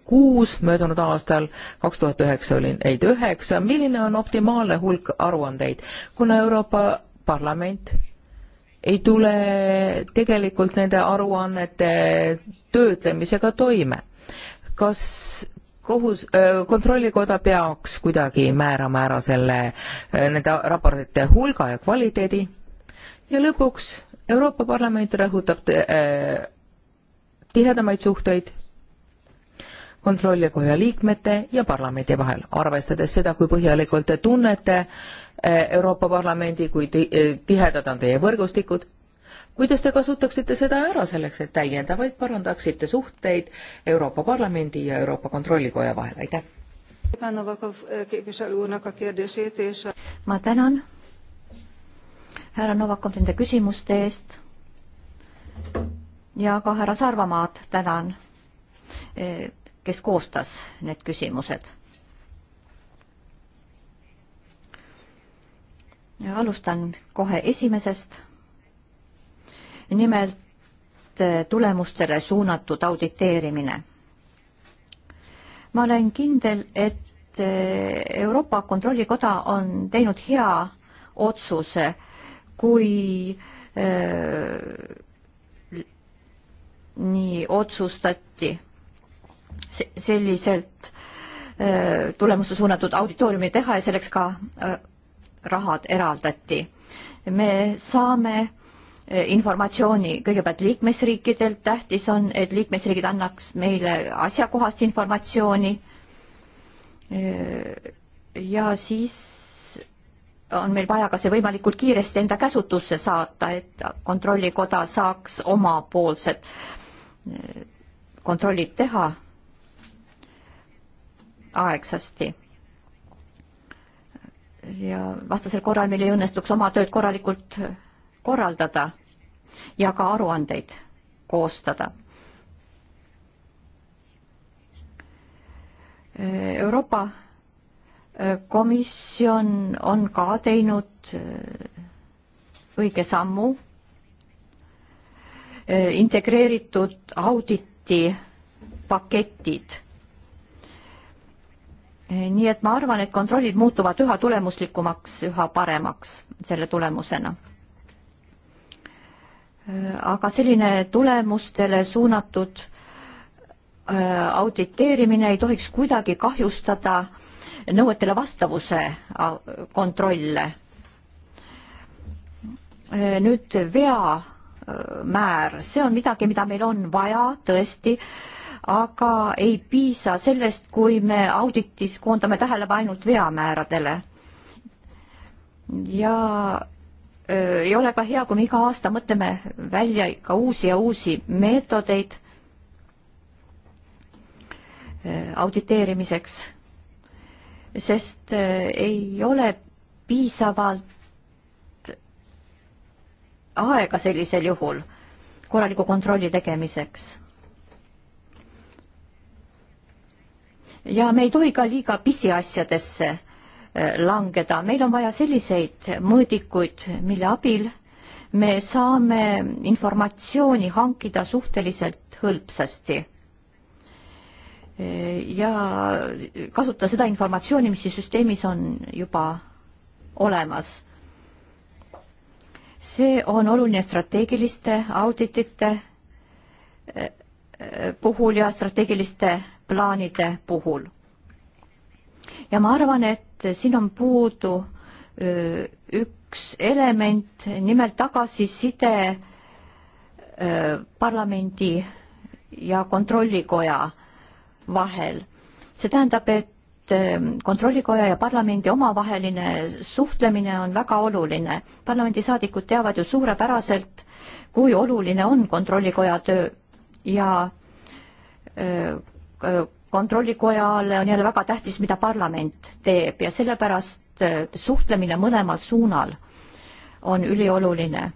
kuus, möödunud aastal, kaks tuhat üheksa oli neid üheksa. milline on optimaalne hulk aruandeid, kuna Euroopa Parlament ei tule tegelikult nende aruannete töötlemisega toime? kas kohus, kontrollikoda peaks kuidagi määrama ära selle, nende raportite hulga ja kvaliteedi ja lõpuks Euroopa Parlament rõhutab äh, tihedamaid suhteid kontrollikoja liikmete ja parlamendi vahel, arvestades seda, kui põhjalikult te tunnete Euroopa Parlamendi, kui tihedad on teie võrgustikud, kuidas te kasutaksite seda ära selleks, et täiendavalt parandaksite suhteid Euroopa Parlamendi ja Euroopa Kontrollikoja vahel, aitäh!
Eh,
ma tänan härra Novakov nende küsimuste eest ja ka härra Sarvamaad tänan, eh, kes koostas need küsimused. alustan kohe esimesest nimelt eh, tulemustele suunatud auditeerimine. ma olen kindel, et eh, Euroopa Kontrollikoda on teinud hea otsuse, kui öö, eh, nii otsustati selliselt öö, tulemuste suunatud auditooriumi teha ja selleks ka öö, rahad eraldati. me saame informatsiooni kõigepealt liikmesriikidelt, tähtis on, et liikmesriigid annaks meile asjakohast informatsiooni. ja siis on meil vaja ka see võimalikult kiiresti enda käsutusse saata, et kontrollikoda saaks omapoolsed kontrollid teha aegsasti ja vastasel korral meil ei õnnestuks oma tööd korralikult korraldada ja ka aruandeid koostada. Euroopa e, Komisjon on ka teinud e, õige sammu e, integreeritud auditi paketid. nii et ma arvan, et kontrollid muutuvad üha tulemuslikumaks, üha paremaks selle tulemusena aga selline tulemustele suunatud äh, auditeerimine ei tohiks kuidagi kahjustada nõuetele vastavuse äh, kontrolle. Äh, nüüd veamäär, see on midagi, mida meil on vaja tõesti, aga ei piisa sellest, kui me auditis koondame tähelepanu ainult veamääradele. ja Äh, ei ole ka hea, kui me iga aasta mõtleme välja ikka uusi ja uusi meetodeid äh, auditeerimiseks, sest äh, ei ole piisavalt aega sellisel juhul korraliku kontrolli tegemiseks. ja me ei tohi ka liiga pisiasjadesse langeda. meil on vaja selliseid mõõdikuid, mille abil me saame informatsiooni hankida suhteliselt hõlpsasti ja kasutada seda informatsiooni, mis siis süsteemis on juba olemas. see on oluline strateegiliste auditite eh, eh, puhul ja strateegiliste plaanide puhul. ja ma arvan, et et siin on puudu üks element, nimelt tagasiside parlamendi ja kontrollikoja vahel. see tähendab, et kontrollikoja ja parlamendi omavaheline suhtlemine on väga oluline. parlamendisaadikud teavad ju suurepäraselt, kui oluline on kontrollikoja töö ja öö, öö, kontrollikojale on jälle väga tähtis, mida parlament teeb ja sellepärast äh, suhtlemine mõlemal suunal on ülioluline.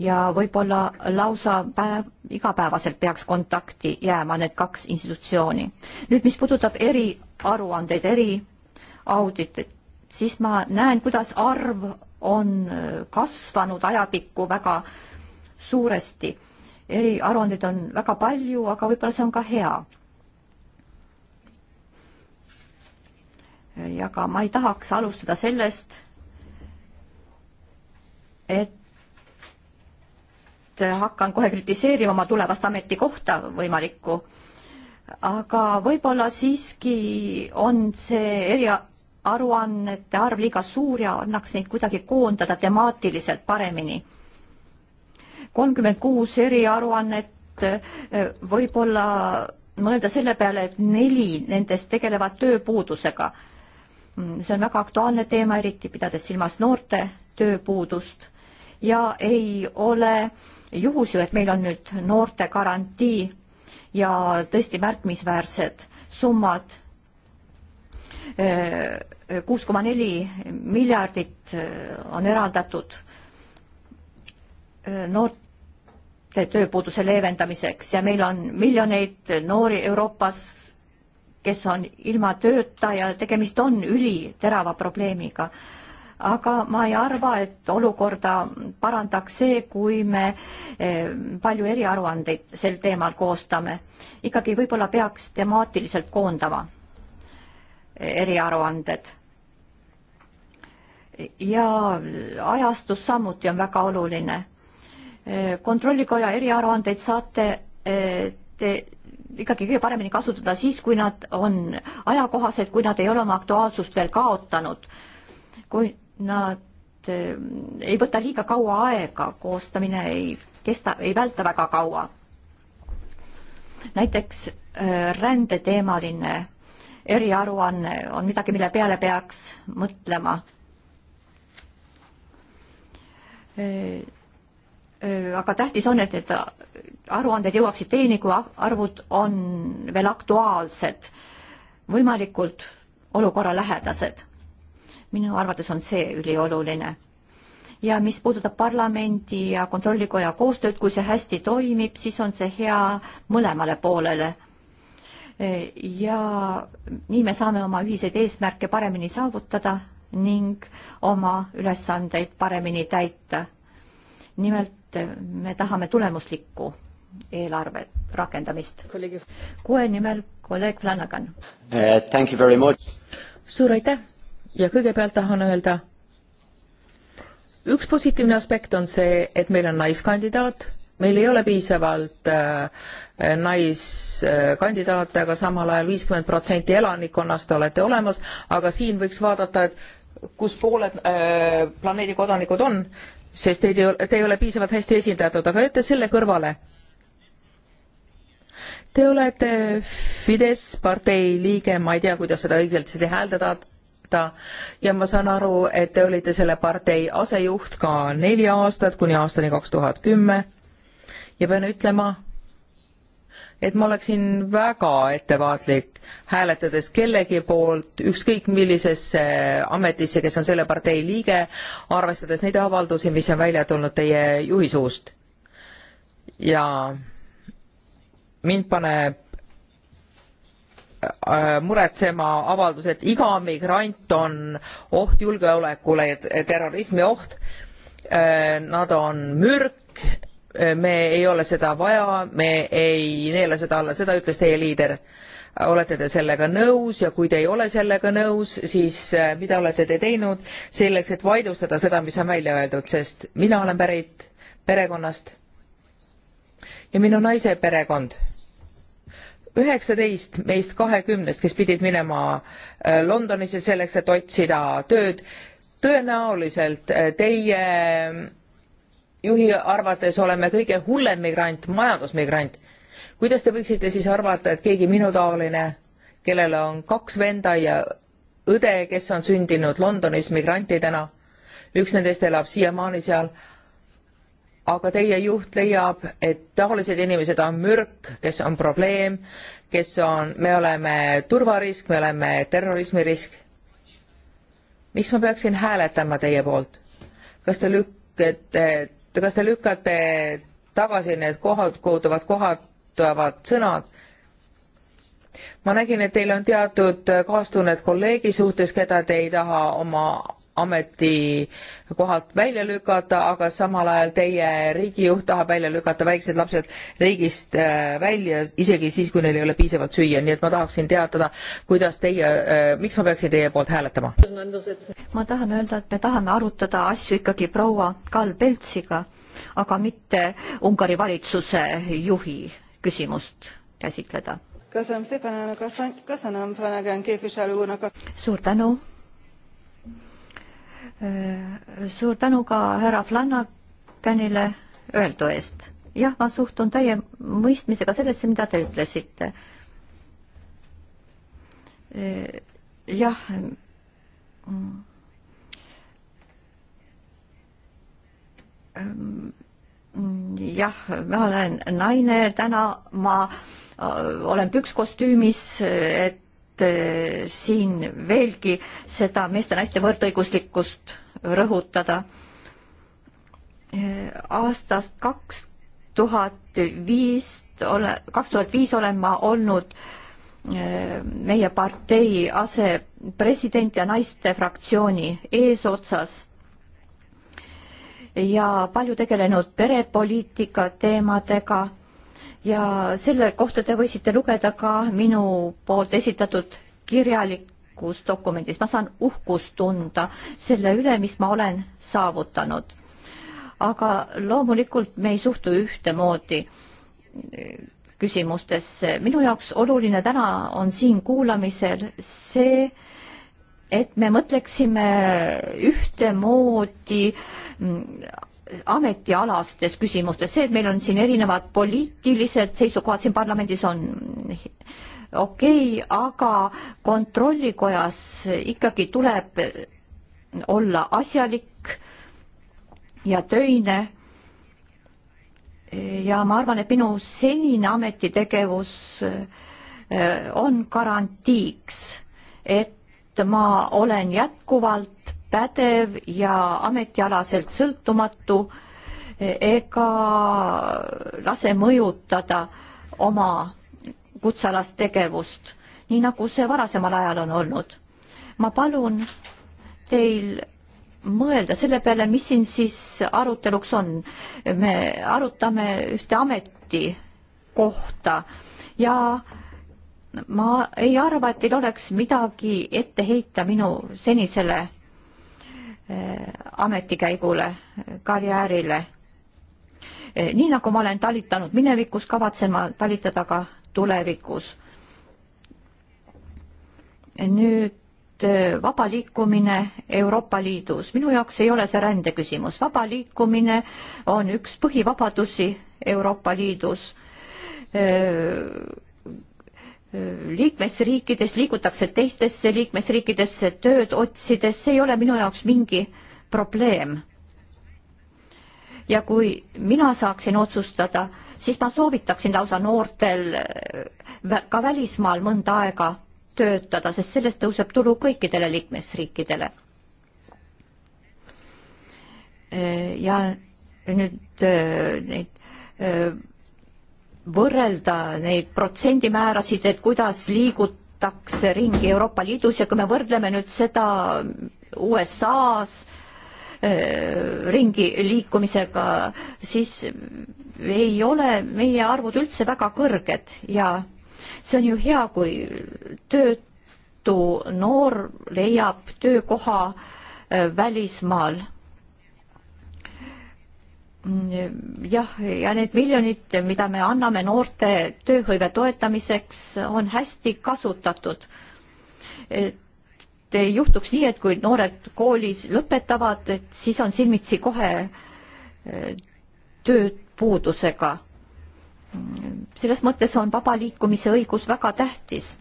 ja võib-olla lausa päev, igapäevaselt peaks kontakti jääma need kaks institutsiooni. nüüd, mis puudutab eriaruandeid, eriauditit, siis ma näen, kuidas arv on äh, kasvanud ajapikku väga suuresti. eriaruandeid on väga palju, aga võib-olla see on ka hea jaga, ma ei tahaks alustada sellest, et hakkan kohe kritiseerima oma tulevast ametikohta võimalikku, aga võib-olla siiski on see eriaruannete arv liiga suur ja annaks neid kuidagi koondada temaatiliselt paremini. kolmkümmend kuus eriaruannet eh, võib-olla mõelda selle peale, et neli nendest tegelevad tööpuudusega Mm, see on väga aktuaalne teema, eriti pidades silmas noorte tööpuudust ja ei ole juhus ju, et meil on nüüd noorte garantii ja tõesti märkimisväärsed summad. Äh, kuus koma neli miljardit äh, on eraldatud äh, noorte tööpuuduse leevendamiseks ja meil on miljoneid noori Euroopas kes on ilma tööta ja tegemist on üliterava probleemiga. aga ma ei arva, et olukorda parandaks see, kui me eh, palju eriaruandeid sel teemal koostame. ikkagi võib-olla peaks temaatiliselt koondama eh, eriaruanded ja ajastus samuti on väga oluline. Eh, kontrollikoja eriaruandeid saate te ikkagi kõige paremini kasutada siis, kui nad on ajakohased, kui nad ei ole oma aktuaalsust veel kaotanud. kui nad ehm, ei võta liiga kaua aega, koostamine ei kesta, ei välta väga kaua. näiteks ehm, rändeteemaline eriaruanne on midagi, mille peale peaks mõtlema ehm, aga tähtis on, et need aruanded jõuaksid teieni, kui arvud on veel aktuaalsed, võimalikult olukorra lähedased. minu arvates on see ülioluline. ja mis puudutab parlamendi ja kontrollikoja koostööd, kui see hästi toimib, siis on see hea mõlemale poolele. ja nii me saame oma ühiseid eesmärke paremini saavutada ning oma ülesandeid paremini täita nimelt me tahame tulemuslikku eelarve rakendamist. kuue nimel kolleeg Flanagan uh,. suur aitäh ja kõigepealt tahan öelda,
üks positiivne aspekt on see, et meil on naiskandidaat meil ei ole piisavalt äh, naiskandidaate äh,, aga samal ajal viiskümmend protsenti elanikkonnast olete olemas, aga siin võiks vaadata, et kus pooled äh, planeedi kodanikud on, sest teid ei ole, te ei ole piisavalt hästi esindatud, aga jättes selle kõrvale. Te olete Fides partei liige, ma ei tea, kuidas seda õigelt siis hääldada, ja ma saan aru, et te olite selle partei asejuht ka neli aastat, kuni aastani kaks tuhat kümme ja pean ütlema, et ma oleksin väga ettevaatlik hääletades kellegi poolt, ükskõik millisesse ametisse, kes on selle partei liige, arvestades neid avaldusi, mis on välja tulnud teie juhi suust. ja mind paneb äh, muretsema avaldus, et iga migrant on oht julgeolekule ja terrorismi oht. Äh, nad on mürk me ei ole seda vaja, me ei neela seda alla, seda ütles teie liider. olete te sellega nõus ja kui te ei ole sellega nõus, siis äh, mida olete te teinud selleks, et vaidlustada seda, mis on välja öeldud, sest mina olen pärit perekonnast ja minu naise perekond üheksateist meist kahekümnest kes pidid minema äh, londonisse selleks et otsida tööd tõenäoliselt äh, teie juhi arvates oleme kõige hullem migrant, majandusmigrant. kuidas te võiksite siis arvata, et keegi minutaoline, kellel on kaks venda ja õde, kes on sündinud Londonis migrantidena, üks nendest elab siiamaani seal, aga teie juht leiab, et taolised inimesed on mürk, kes on probleem, kes on, me oleme turvarisk, me oleme terrorismirisk. miks ma peaksin hääletama teie poolt? kas te lükkate kas te lükkate tagasi need kohad, kohutavad kohatuvad sõnad? ma nägin, et teil on teatud kaastunnet kolleegi suhtes, keda te ei taha oma ametikohalt välja lükata, aga samal ajal teie riigijuht tahab välja lükata väiksed lapsed riigist äh, välja, isegi siis, kui neil ei ole piisavalt süüa, nii et ma tahaksin teatada, kuidas teie, äh, miks ma peaksin teie poolt hääletama?
ma tahan öelda, et me tahame arutada asju ikkagi proua Karl Peltsiga, aga mitte Ungari valitsuse juhi küsimust käsitleda. suur tänu Äh, suur tänu ka härra Flanaganile öeldu eest. jah, ma suhtun täie mõistmisega sellesse, mida te ütlesite. Äh, jah. Mm, äh, jah, ma olen naine, täna ma olen pükskostüümis, et Äh, siin veelgi seda meeste-naiste võrdõiguslikkust rõhutada. Äh, aastast kaks tuhat viis ole, kaks tuhat viis olen ma olnud äh, meie partei asepresident ja naiste fraktsiooni eesotsas ja palju tegelenud perepoliitika teemadega ja selle kohta te võisite lugeda ka minu poolt esitatud kirjalikus dokumendis. ma saan uhkust tunda selle üle, mis ma olen saavutanud. aga loomulikult me ei suhtu ühtemoodi küsimustesse. minu jaoks oluline täna on siin kuulamisel see, et me mõtleksime ühtemoodi ametialastes küsimustes, see, et meil on siin erinevad poliitilised seisukohad siin parlamendis on okei okay,, aga kontrollikojas ikkagi tuleb olla asjalik ja töine. ja ma arvan, et minu senine ametitegevus eh, on garantiiks, et ma olen jätkuvalt pädev ja ametialaselt sõltumatu ega lase mõjutada oma kutsealast tegevust, nii nagu see varasemal ajal on olnud. ma palun teil mõelda selle peale, mis siin siis aruteluks on. me arutame ühte ametikohta ja ma ei arva, et teil oleks midagi ette heita minu senisele Äh, ametikäigule, karjäärile. Äh, nii nagu ma olen talitanud minevikus, kavatsen ma talitada ka tulevikus. nüüd äh, vaba liikumine Euroopa Liidus, minu jaoks ei ole see rändeküsimus, vaba liikumine on üks põhivabadusi Euroopa Liidus liikmesriikides, liigutakse teistesse liikmesriikidesse tööd otsides, see ei ole minu jaoks mingi probleem. ja kui mina saaksin otsustada, siis ma soovitaksin lausa noortel äh, ka välismaal mõnda aega töötada, sest sellest tõuseb tulu kõikidele liikmesriikidele. Äh, ja nüüd äh, neid võrrelda neid protsendimäärasid, et kuidas liigutakse ringi Euroopa Liidus ja kui me võrdleme nüüd seda USA-s äh, ringi liikumisega, siis ei ole meie arvud üldse väga kõrged ja see on ju hea, kui töötu noor leiab töökoha äh, välismaal jah, ja need miljonid, mida me anname noorte tööhõive toetamiseks, on hästi kasutatud. et ei juhtuks nii, et kui noored koolis lõpetavad, et siis on silmitsi kohe eh, tööpuudusega. selles mõttes on vaba liikumise õigus väga tähtis.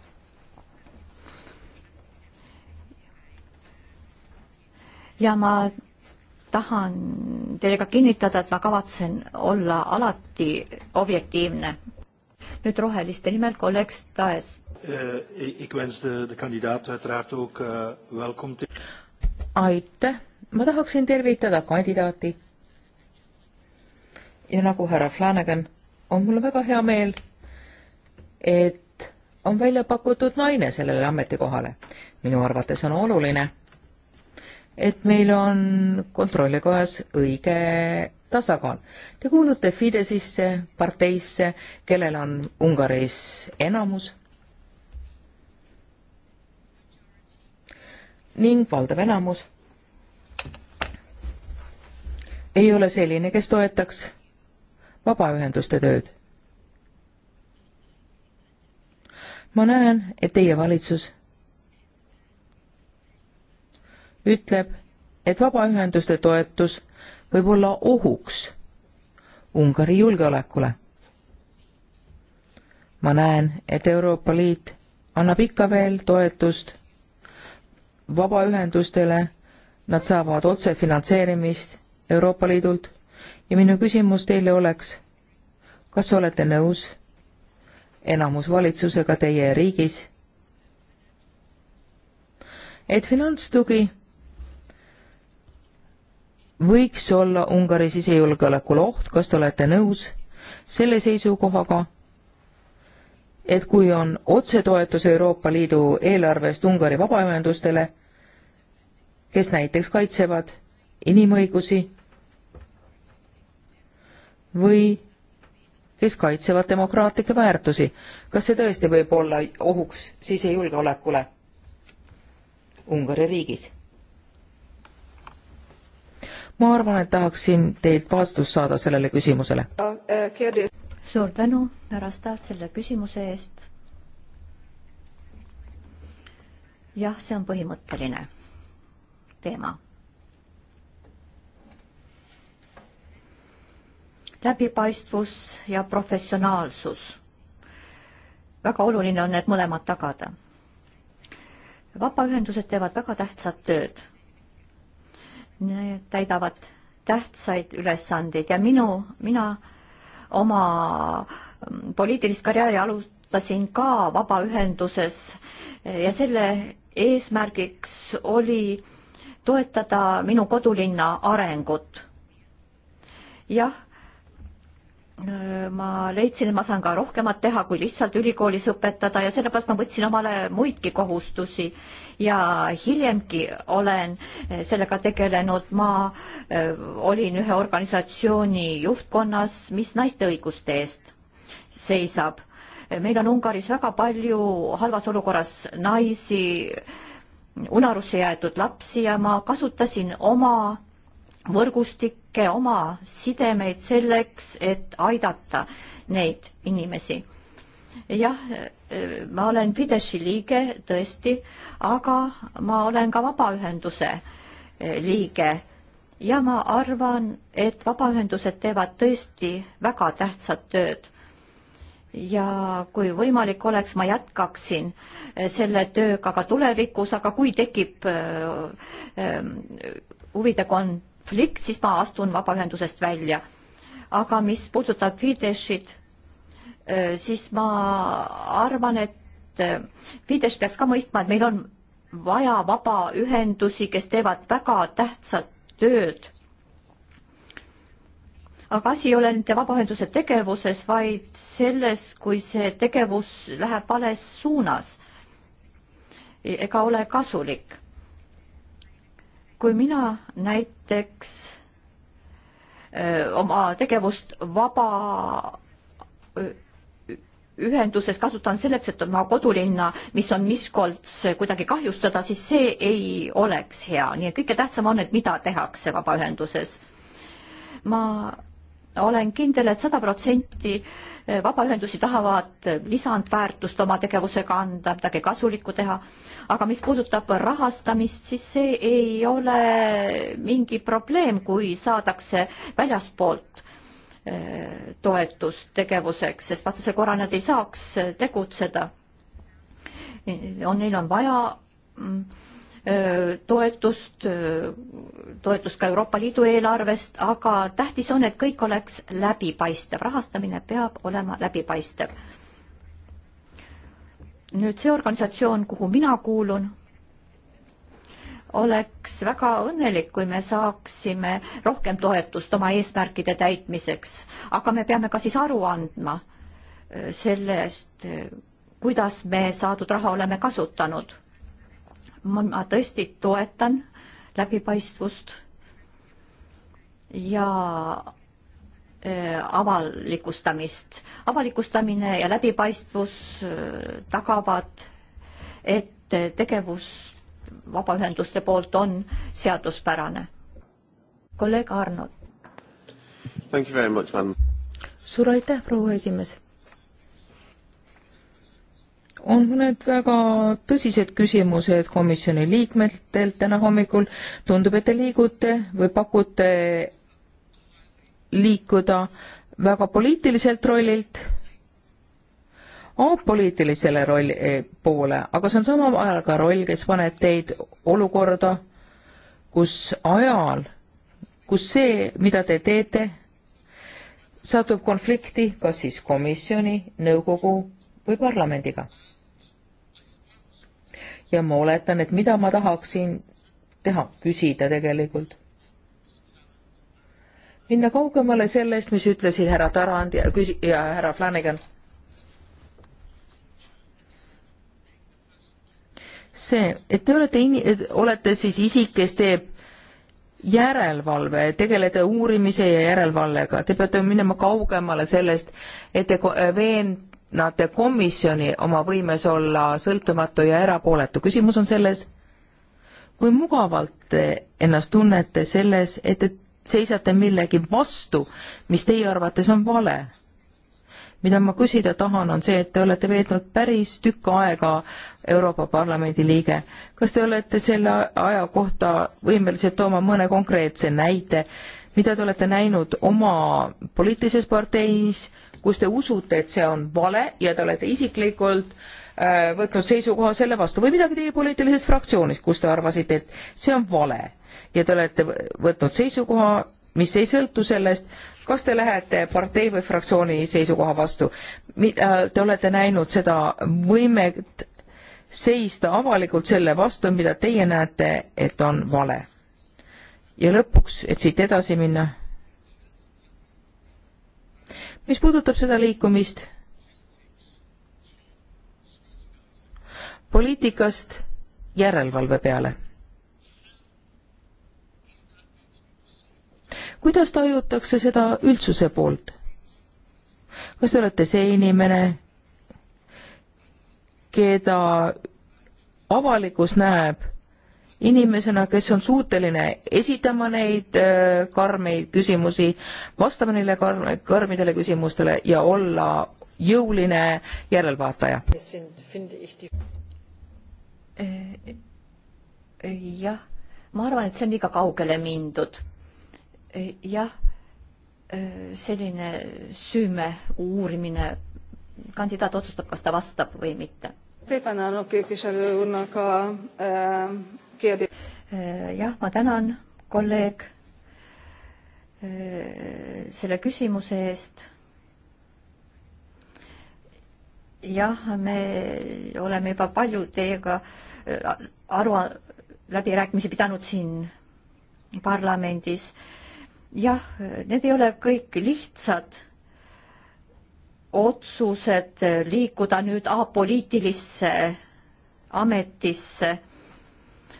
ja ma tahan teile ka kinnitada, et ma kavatsen olla alati objektiivne. nüüd roheliste nimel kolleeg Staes.
Eh, eh,
aitäh, ma tahaksin tervitada
kandidaati. ja nagu härra Flanagan, on mul väga hea meel, et on välja pakutud naine sellele ametikohale. minu arvates on oluline et meil on kontrollikojas õige tasakaal. Te kuulute Fidesisse, parteisse, kellel on Ungaris enamus ning valdav enamus ei ole selline, kes toetaks vabaühenduste tööd. ma näen, et teie valitsus ütleb, et vabaühenduste toetus võib olla ohuks Ungari julgeolekule. ma näen, et Euroopa Liit annab ikka veel toetust vabaühendustele, nad saavad otsefinantseerimist Euroopa Liidult ja minu küsimus teile oleks, kas olete nõus enamusvalitsusega teie riigis, et finantstugi võiks olla Ungari sisejulgeolekule oht, kas te olete nõus selle seisukohaga, et kui on otsetoetus Euroopa Liidu eelarvest Ungari vabaühendustele, kes näiteks kaitsevad inimõigusi või kes kaitsevad demokraatlikke väärtusi, kas see tõesti võib olla ohuks sisejulgeolekule Ungari riigis? ma arvan, et tahaksin teilt vastust saada sellele küsimusele.
suur tänu, härra Staat, selle küsimuse eest. jah, see on põhimõtteline teema. läbipaistvus ja professionaalsus. väga oluline on need mõlemad tagada. vabaühendused teevad väga tähtsat tööd Need täidavad tähtsaid ülesandeid ja minu, mina oma mm, poliitilist karjääri alustasin ka vabaühenduses ja selle eesmärgiks oli toetada minu kodulinna arengut. jah ma leidsin, et ma saan ka rohkemat teha, kui lihtsalt ülikoolis õpetada ja sellepärast ma võtsin omale muidki kohustusi ja hiljemgi olen sellega tegelenud. ma olin ühe organisatsiooni juhtkonnas, mis naiste õiguste eest seisab. meil on Ungaris väga palju halvas olukorras naisi, unarusse jäetud lapsi ja ma kasutasin oma võrgustikke, oma sidemeid selleks, et aidata neid inimesi. jah, ma olen Fideshi liige tõesti, aga ma olen ka vabaühenduse eh, liige ja ma arvan, et vabaühendused teevad tõesti väga tähtsat tööd. ja kui võimalik oleks, ma jätkaksin eh, selle tööga ka tulevikus, aga kui tekib eh, huvide äh, äh, kont-, konflikt, siis ma astun vabaühendusest välja. aga mis puudutab Fideszit, äh, siis ma arvan, et äh, Fidesz peaks ka mõistma, et meil on vaja vabaühendusi, kes teevad väga tähtsat tööd. aga asi ei ole nende vabaühenduse tegevuses, vaid selles, kui see tegevus läheb vales suunas ega ole kasulik kui mina näiteks öö, oma tegevust vaba öö, ühenduses kasutan selleks, et oma kodulinna, mis on Miskolts, kuidagi kahjustada, siis see ei oleks hea, nii et kõige tähtsam on, et mida tehakse vabaühenduses. ma olen kindel et, et sada protsenti vabaühendusi tahavad lisandväärtust oma tegevusega anda, midagi kasulikku teha. aga mis puudutab rahastamist, siis see ei ole mingi probleem, kui saadakse väljaspoolt eh, toetust tegevuseks, sest vastasel korral nad ei saaks tegutseda. Eh, on, neil on vaja mm, Äh, toetust, äh, toetust ka Euroopa Liidu eelarvest, aga tähtis on, et kõik oleks läbipaistev, rahastamine peab olema läbipaistev. nüüd see organisatsioon, kuhu mina kuulun, oleks väga õnnelik, kui me saaksime rohkem toetust oma eesmärkide täitmiseks, aga me peame ka siis aru andma äh, sellest, kuidas me saadud raha oleme kasutanud ma tõesti toetan läbipaistvust ja e, avalikustamist. avalikustamine ja läbipaistvus e, tagavad, et tegevus vabaühenduste poolt on seaduspärane. kolleeg Arno. suur aitäh, proua esimees
on mõned väga tõsised küsimused komisjoni liikmetelt täna hommikul. tundub, et te liigute või pakute liikuda väga poliitiliselt rollilt apoliitilisele rolli eh, poole, aga see on samal ajal ka roll, kes paneb teid olukorda, kus ajal, kus see, mida te teete, satub konflikti kas siis komisjoni, nõukogu või parlamendiga ja ma oletan, et mida ma tahaksin teha, küsida tegelikult. minna kaugemale sellest, mis ütlesid härra Tarand ja küsi- ja härra Flanagan. see, et te olete in-, olete siis isik, kes teeb järelevalve, tegeleda uurimise ja järelevalvega, te peate minema kaugemale sellest, et te veen-, hinnate komisjoni oma võimes olla sõltumatu ja erapooletu. küsimus on selles, kui mugavalt te ennast tunnete selles, et te seisate millegi vastu, mis teie arvates on vale. mida ma küsida tahan, on see, et te olete veetnud päris tükk aega Euroopa Parlamendi liige. kas te olete selle aja kohta võimelised tooma mõne konkreetse näite, mida te olete näinud oma poliitilises parteis, kus te usute, et see on vale ja te olete isiklikult äh, võtnud seisukoha selle vastu või midagi teie poliitilises fraktsioonis, kus te arvasite, et see on vale ja te olete võtnud seisukoha, mis ei sõltu sellest, kas te lähete partei või fraktsiooni seisukoha vastu. Äh, te olete näinud seda võimet seista avalikult selle vastu, mida teie näete, et on vale. ja lõpuks, et siit edasi minna mis puudutab seda liikumist poliitikast järelevalve peale. kuidas tajutakse seda üldsuse poolt? kas te olete see inimene, keda avalikkus näeb inimesena, kes on suuteline esitama neid äh, karmeid küsimusi, vastama neile karm-, karmidele küsimustele ja olla jõuline järelvaataja.
Äh, jah, ma arvan, et see on liiga kaugele mindud. Äh, jah, selline süüme uurimine, kandidaat otsustab, kas ta vastab või mitte.
Szépen a képviselő úrnak a
Eh, jah, ma tänan, kolleeg, eh, selle küsimuse eest. jah, me oleme juba palju teiega eh, aru, läbirääkimisi pidanud siin parlamendis. jah, need ei ole kõik lihtsad otsused liikuda nüüd apoliitilisse ametisse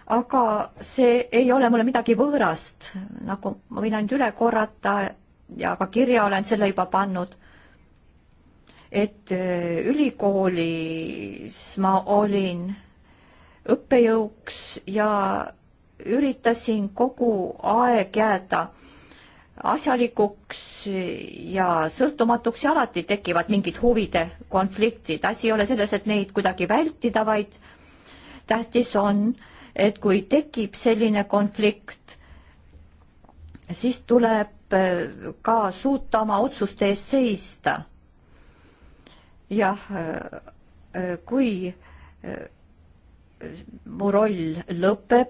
aga see ei ole mulle midagi võõrast, nagu ma võin ainult üle korrata ja ka kirja olen selle juba pannud, et äh, ülikoolis ma olin õppejõuks ja üritasin kogu aeg jääda asjalikuks ja sõltumatuks ja alati tekivad mingid huvide konfliktid. asi ei ole selles, et neid kuidagi vältida, vaid tähtis on äh, et kui tekib selline konflikt, siis tuleb äh, ka suuta oma otsuste eest seista. jah, äh, äh, kui mu roll lõpeb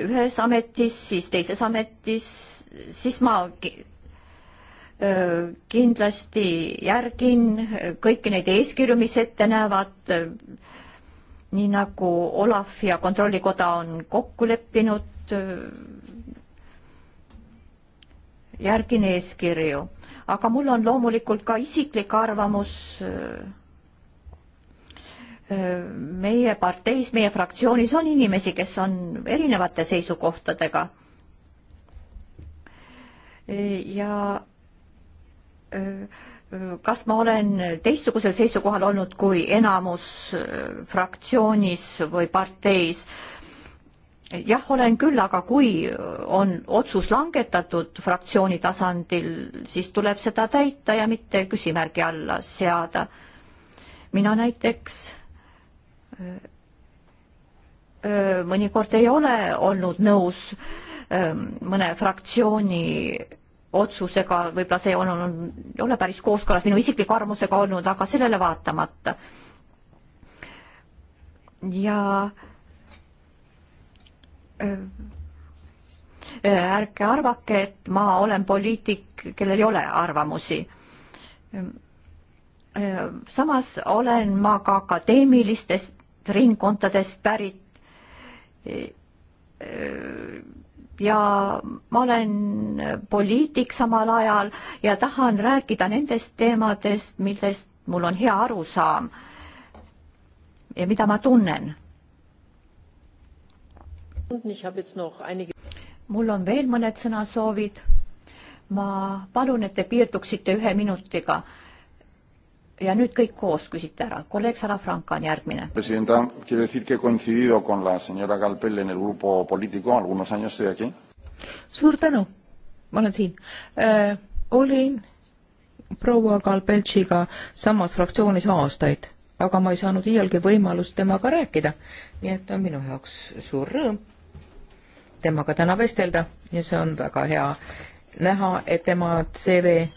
ühes ametis, siis teises ametis, siis ma kindlasti järgin kõiki neid eeskirju, mis ette näevad nii nagu Olav ja Kontrollikoda on kokku leppinud, äh, järgin eeskirju. aga mul on loomulikult ka isiklik arvamus äh, äh, meie parteis, meie fraktsioonis on inimesi, kes on erinevate seisukohtadega. ja öö, kas ma olen teistsugusel seisukohal olnud kui enamus äh, fraktsioonis või parteis? jah, olen küll, aga kui on otsus langetatud fraktsiooni tasandil, siis tuleb seda täita ja mitte küsimärgi alla seada. mina näiteks äh, äh, mõnikord ei ole olnud nõus mõne fraktsiooni otsusega, võib-olla see on olnud, ei ole päris kooskõlas minu isikliku arvamusega olnud, aga sellele vaatamata. ja äh, äh, ärge arvake, et ma olen poliitik, kellel ei ole arvamusi. Äh, samas olen ma ka akadeemilistest ringkondadest pärit ja ma olen poliitik samal ajal ja tahan rääkida nendest teemadest, millest mul on hea arusaam ja mida ma tunnen. mul on veel mõned sõnasoovid. ma palun, et te piirduksite ühe minutiga ja nüüd kõik koos küsite ära. kolleeg Salafranca on järgmine. Presidenta, quiero decir que coincidido con la señora Galpel en el grupo político, algunos años estoy aquí. suur tänu, ma
olen siin äh,. olin proua Galbeltšiga samas fraktsioonis aastaid, aga ma ei saanud iialgi võimalust temaga rääkida. nii et on minu jaoks suur rõõm temaga täna vestelda ja see on väga hea näha, et tema CV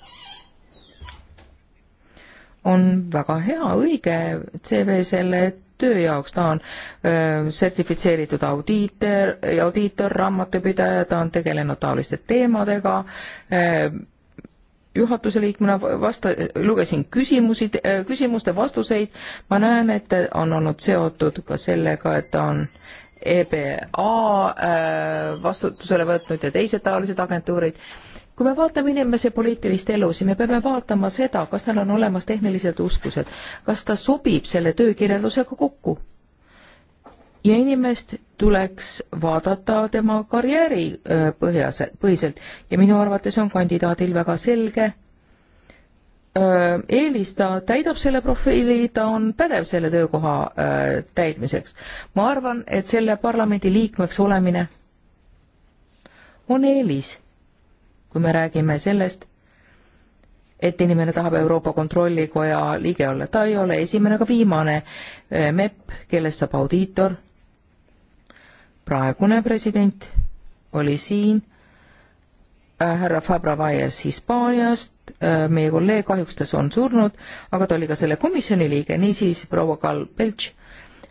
on väga hea, õige CV selle töö jaoks, ta on öö, sertifitseeritud audiiter, audiitor, raamatupidaja, ta on tegelenud taoliste teemadega, juhatuse liikmena vasta-, lugesin küsimusi, küsimuste vastuseid, ma näen, et ta on olnud seotud ka sellega, et ta on EBA öö, vastutusele võtnud ja teised taolised agentuurid kui me vaatame inimese poliitilist elu, siis me peame vaatama seda, kas tal on olemas tehnilised oskused, kas ta sobib selle töökirjeldusega kokku. ja inimest tuleks vaadata tema karjääri äh, põhjas, põhiselt ja minu arvates on kandidaadil väga selge äh, eelis, ta täidab selle profiili, ta on pädev selle töökoha äh, täitmiseks. ma arvan, et selle parlamendi liikmeks olemine on eelis kui me räägime sellest, et inimene tahab Euroopa Kontrollikoja liige olla, ta ei ole esimene ega viimane eh, MEP, kellest saab audiitor. praegune president oli siin, eh, härra Fabra Valles Hispaaniast, eh, meie kolleeg, kahjuks ta on surnud, aga ta oli ka selle komisjoni liige, niisiis proua Kall Pelts,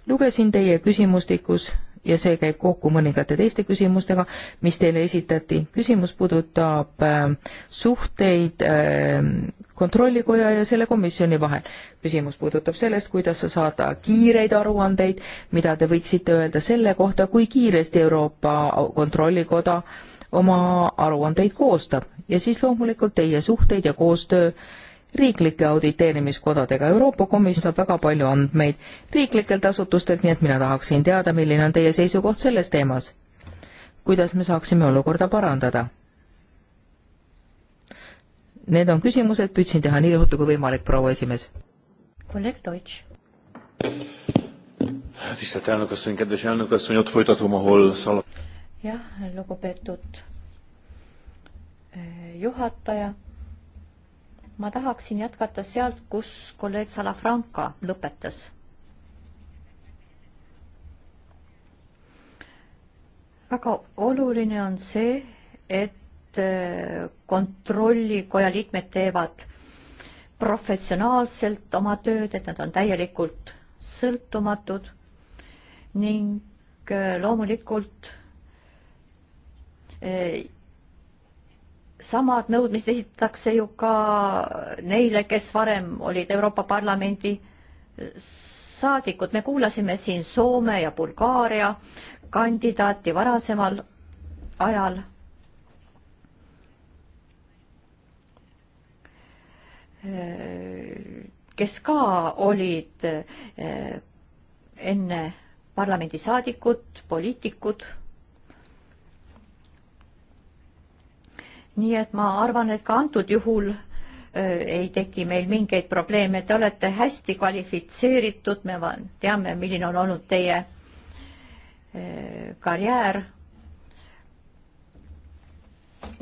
lugesin teie küsimustikus ja see käib kokku mõningate teiste küsimustega, mis teile esitati. küsimus puudutab äh, suhteid äh, kontrollikoja ja selle komisjoni vahel. küsimus puudutab sellest, kuidas sa saada kiireid aruandeid, mida te võiksite öelda selle kohta, kui kiiresti Euroopa Kontrollikoda oma aruandeid koostab ja siis loomulikult teie suhteid ja koostöö äh, riiklike auditeerimiskodadega. Euroopa Komisjon saab väga palju andmeid riiklikelt asutustelt, nii et mina tahaksin teada, milline on teie seisukoht selles teemas. kuidas me saaksime olukorda parandada? Need on küsimused, püüdsin teha nii ruttu kui võimalik, proua esimees.
kolleeg Deutsch.
tisztelt elnök asszony, kedves elnök asszony,
ott folytatom, ahol szalad.
jah, lugupeetud eh, juhataja ma tahaksin jätkata sealt, kus kolleeg Salafranca lõpetas. väga oluline on see, et äh, kontrollikoja liikmed teevad professionaalselt oma tööd, et nad on täielikult sõltumatud ning äh, loomulikult äh, samad nõudmised esitatakse ju ka neile, kes varem olid Euroopa Parlamendi saadikud. me kuulasime siin Soome ja Bulgaaria kandidaati varasemal ajal. kes ka olid eh, enne parlamendisaadikud, poliitikud nii et ma arvan, et ka antud juhul äh, ei teki meil mingeid probleeme, te olete hästi kvalifitseeritud, me teame, milline on olnud teie äh, karjäär.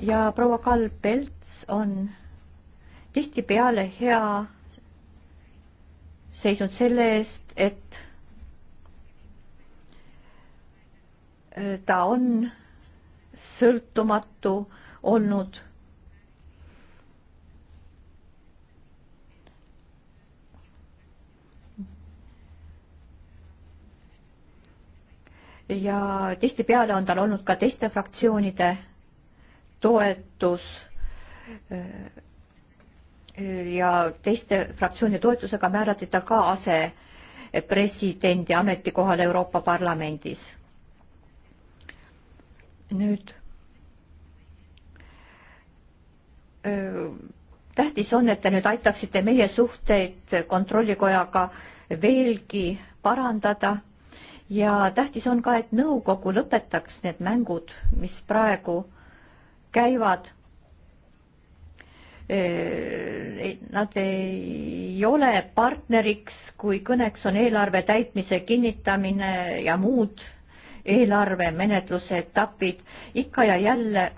ja proua Karl Pelts on tihtipeale hea seisnud selle eest, et äh, ta on sõltumatu äh, olnud. ja tihtipeale on tal olnud ka teiste fraktsioonide toetus äh, ja teiste fraktsioonide toetusega määrati ta ka asepresidendi ametikohale Euroopa Parlamendis. nüüd tähtis on, et te nüüd aitaksite meie suhteid kontrollikojaga veelgi parandada ja tähtis on ka, et nõukogu lõpetaks need mängud, mis praegu käivad. Nad ei ole partneriks, kui kõneks on eelarve täitmise kinnitamine ja muud eelarvemenetluse etapid ikka ja jälle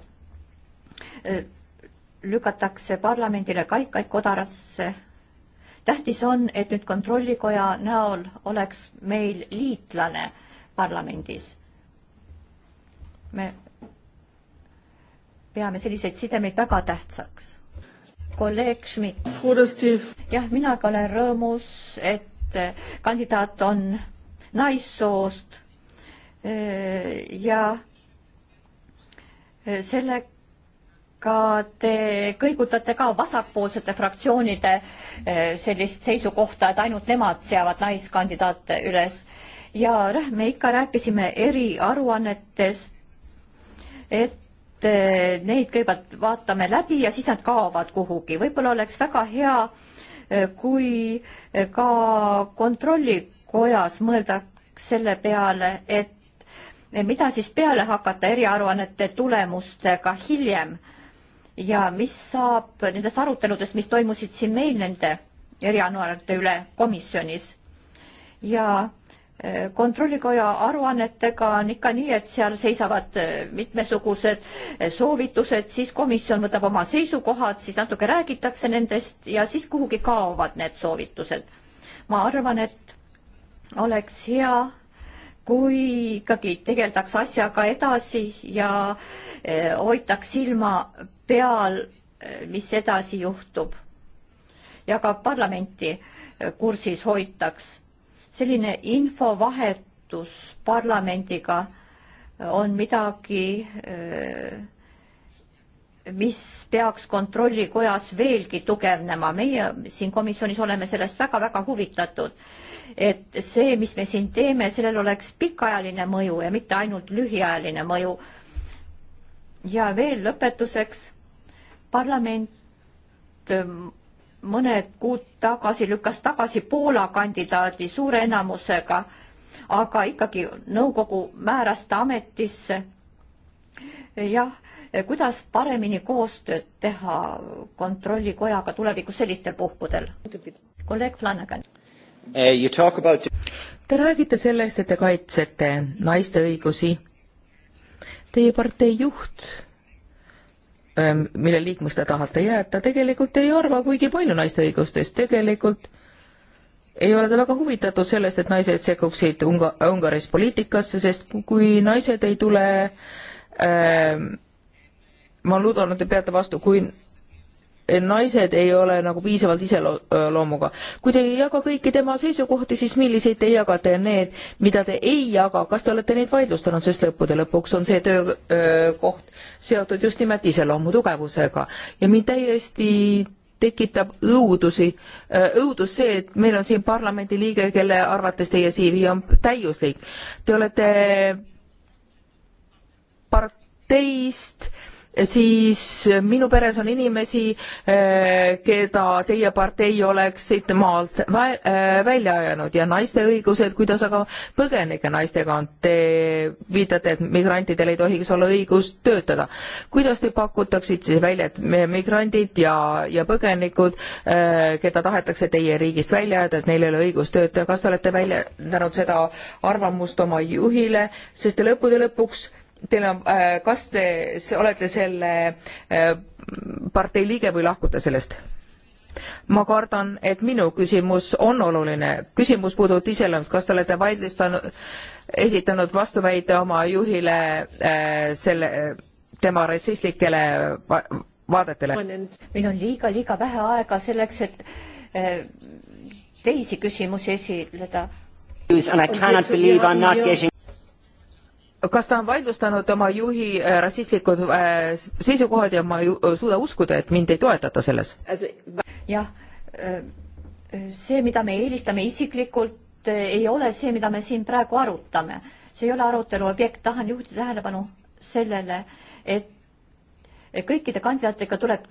lükatakse parlamendile kaikaid kodarasse. tähtis on, et nüüd kontrollikoja näol oleks meil liitlane parlamendis. me peame selliseid sidemeid väga tähtsaks. kolleeg Schmidt. jah, mina ka olen rõõmus, et eh, kandidaat on naissoost eh, ja eh, sellega aga te kõigutate ka vasakpoolsete fraktsioonide eh, sellist seisukohta, et ainult nemad seavad naiskandidaate üles. ja me ikka rääkisime eriaruannetest, et eh, neid kõigepealt vaatame läbi ja siis nad kaovad kuhugi. võib-olla oleks väga hea, eh, kui ka kontrollikojas mõeldaks selle peale, et mida siis peale hakata eriaruannete tulemustega hiljem äh, ja mis saab nendest aruteludest, mis toimusid siin meil nende erianuarite üle komisjonis ja äh, kontrollikoja aruannetega on ikka nii, et seal seisavad äh, mitmesugused äh, soovitused, siis komisjon võtab oma seisukohad, siis natuke räägitakse nendest ja siis kuhugi kaovad need soovitused. ma arvan, et oleks hea, kui ikkagi tegeldaks asjaga edasi ja e, hoitaks silma peal, e, mis edasi juhtub. ja ka parlamenti e, kursis hoitaks. selline infovahetus parlamendiga on midagi, mis peaks Kontrollikojas veelgi tugevnema. meie siin komisjonis oleme sellest väga-väga huvitatud et see, mis me siin teeme, sellel oleks pikaajaline mõju ja mitte ainult lühiajaline mõju. ja veel lõpetuseks, parlament ähm, mõned kuud tagasi lükkas tagasi Poola kandidaadi suure enamusega, aga ikkagi nõukogu määras ta ametisse. jah, kuidas paremini koostööd teha kontrollikojaga tulevikus sellistel puhkudel? kolleeg Flanagan Eh, about...
Te räägite sellest, et te kaitsete naiste õigusi. Teie partei juht, ähm, mille liikmeks te tahate jääda, tegelikult ei arva kuigi palju naiste õigustest, tegelikult ei ole ta väga huvitatud sellest, et naised sekkuksid Unga-, Ungaris poliitikasse, sest kui naised ei tule äh, ma loodan, et te peate vastu, kui naised ei ole nagu piisavalt iseloomuga. kui te ei jaga kõiki tema seisukohti, siis milliseid te jagate ja need, mida te ei jaga, kas te olete neid vaidlustanud, sest lõppude lõpuks on see töökoht seotud just nimelt iseloomu tugevusega ja mind täiesti tekitab õudusi, õudus see, et meil on siin parlamendi liige, kelle arvates teie CV on täiuslik. Te olete parteist äh, siis minu peres on inimesi, eh, keda teie partei oleksite maalt eh, välja ajanud ja naiste õigused, kuidas aga põgenike naistega on, te viitate, et migrantidel ei tohiks olla õigust töötada. kuidas te pakutaksite siis välja, et migrandid ja, ja põgenikud, eh, keda tahetakse teie riigist välja ajada, et neil ei ole õigust töötada, kas te olete väljendanud seda arvamust oma juhile, sest lõppude lõpuks Teil on, äh, kas te olete selle äh, partei liige või lahkute sellest? ma kardan, et minu küsimus on oluline. küsimus puudutab iseloomust, kas te olete vaidlustanud, esitanud vastuväite oma juhile äh, selle, tema rassistlikele va vaadetele?
meil on liiga, liiga vähe aega selleks, et äh, teisi küsimusi esileda. And I cannot believe I am not getting
kas ta on vaidlustanud oma juhi äh, rassistlikud äh, seisukohad ja ma ei äh, suuda uskuda, et mind ei toetata selles?
jah, see, mida me eelistame isiklikult, ei ole see, mida me siin praegu arutame. see ei ole arutelu objekt, tahan juhtida tähelepanu sellele, et kõikide kandidaatidega tuleb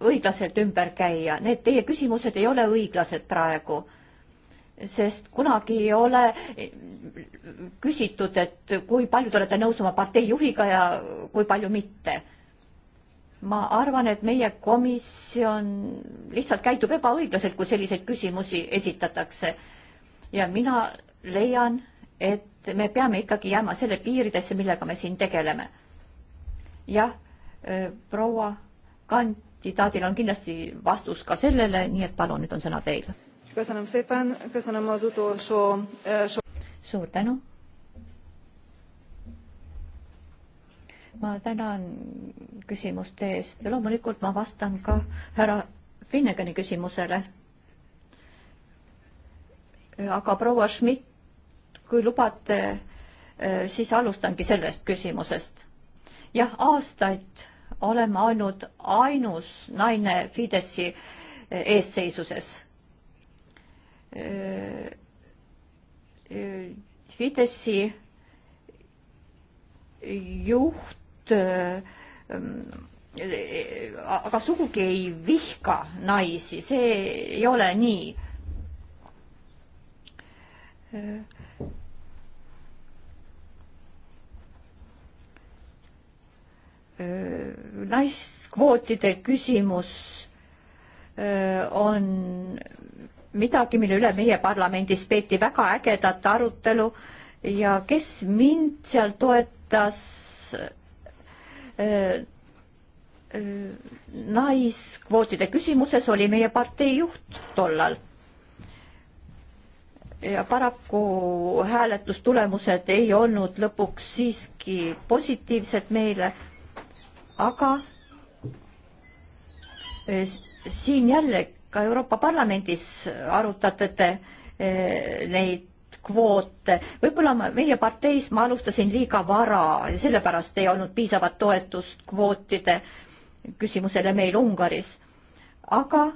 õiglaselt ümber käia, need teie küsimused ei ole õiglased praegu sest kunagi ei ole küsitud, et kui palju te olete nõus oma partei juhiga ja kui palju mitte. ma arvan, et meie komisjon lihtsalt käitub ebaõiglaselt, kui selliseid küsimusi esitatakse. ja mina leian, et me peame ikkagi jääma selle piiridesse, millega me siin tegeleme. jah, e, proua kandidaadil on kindlasti vastus ka sellele, nii et palun, nüüd on sõna teil
köszönöm szépen, köszönöm az utolsó... So... Suur tänu!
ma tänan küsimuste eest. loomulikult ma vastan ka härra Finnegani küsimusele. aga proua Schmidt, kui lubate, siis alustangi sellest küsimusest. jah, aastaid olen ma olnud ainus naine Fidesi eesseisuses Äh, äh, Fidesi juht äh, aga sugugi ei vihka naisi, see ei ole nii. naiskvootide küsimus on midagi, mille üle meie parlamendis peeti väga ägedat arutelu ja kes mind seal toetas äh, äh, naiskvootide küsimuses, oli meie partei juht tollal. ja paraku hääletustulemused ei olnud lõpuks siiski positiivsed meile, aga äh, siin jälle ka Euroopa Parlamendis arutate te eh, neid kvoote. võib-olla ma, meie parteis ma alustasin liiga vara ja sellepärast ei olnud piisavat toetust kvootide küsimusele meil Ungaris. aga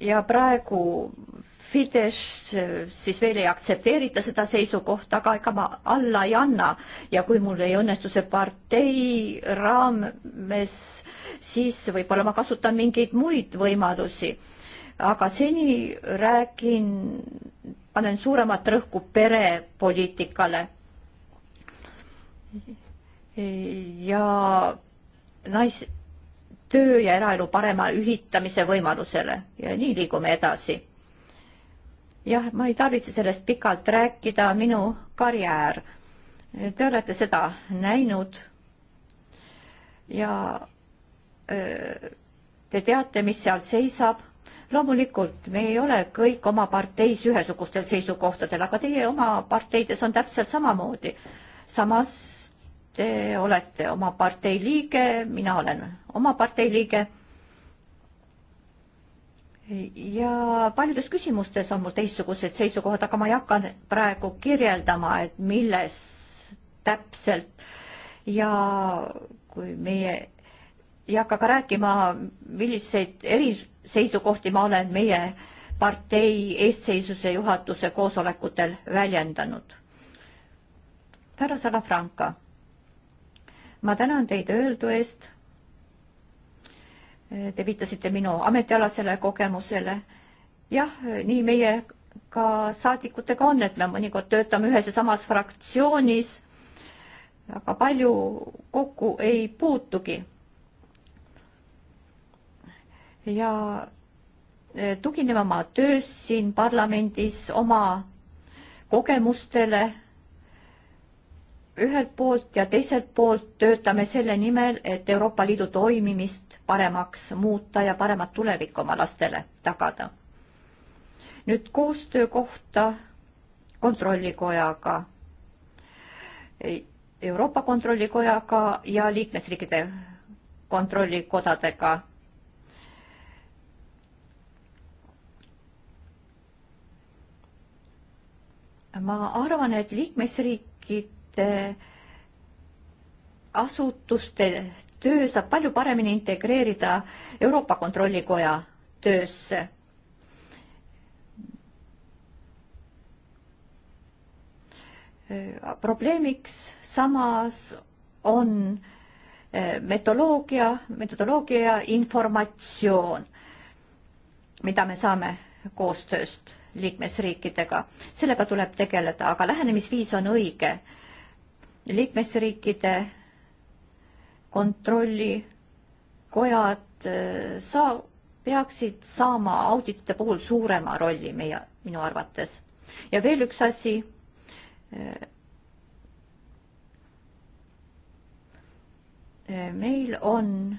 ja praegu Fidesz eh, siis veel ei aktsepteerita seda seisukohta, aga ega ma alla ei anna ja kui mul ei õnnestu see partei raames siis võib-olla ma kasutan mingeid muid võimalusi. aga seni räägin, panen suuremat rõhku perepoliitikale. ja nais-, töö ja eraelu parema ühitamise võimalusele ja nii liigume edasi jah, ma ei tarvitse sellest pikalt rääkida, minu karjäär. Te olete seda näinud. ja te teate, mis seal seisab. loomulikult me ei ole kõik oma parteis ühesugustel seisukohtadel, aga teie oma parteides on täpselt samamoodi. samas te olete oma partei liige, mina olen oma partei liige. ja paljudes küsimustes on mul teistsugused seisukohad, aga ma ei hakka praegu kirjeldama, et milles täpselt ja kui meie ei hakka ka rääkima, milliseid eriseisukohti ma olen meie partei eestseisuse juhatuse koosolekutel väljendanud. härra Salafranca, ma tänan teid öeldu eest. Te viitasite minu ametialasele kogemusele. jah, nii meie ka saadikutega on, et me mõnikord töötame ühes ja samas fraktsioonis, aga palju kokku ei puutugi ja e, tuginema oma töös siin parlamendis oma kogemustele ühelt poolt ja teiselt poolt töötame selle nimel, et Euroopa Liidu toimimist paremaks muuta ja paremat tulevikku oma lastele tagada. nüüd koostöö kohta kontrollikojaga, e, Euroopa Kontrollikojaga ja liikmesriikide kontrollikodadega ma arvan, et liikmesriikide asutuste töö saab palju paremini integreerida Euroopa Kontrollikoja töösse. Äh, probleemiks samas on äh, metoloogia, metodoloogia ja informatsioon, mida me saame koostööst liikmesriikidega. sellega tuleb tegeleda, aga lähenemisviis on õige. liikmesriikide kontrollikojad äh, saa-, peaksid saama auditite puhul suurema rolli meie, minu arvates. ja veel üks asi. Äh, äh, meil on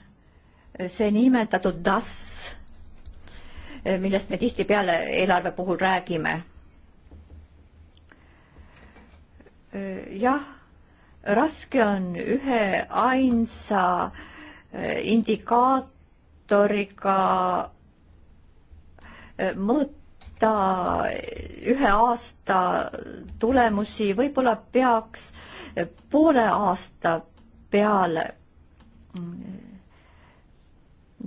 see niinimetatud DAS Eh, millest me tihtipeale eelarve puhul räägime. Eh, jah, raske on ühe ainsa eh, indikaatoriga mõõta ühe aasta tulemusi, võib-olla peaks poole aasta peale mm,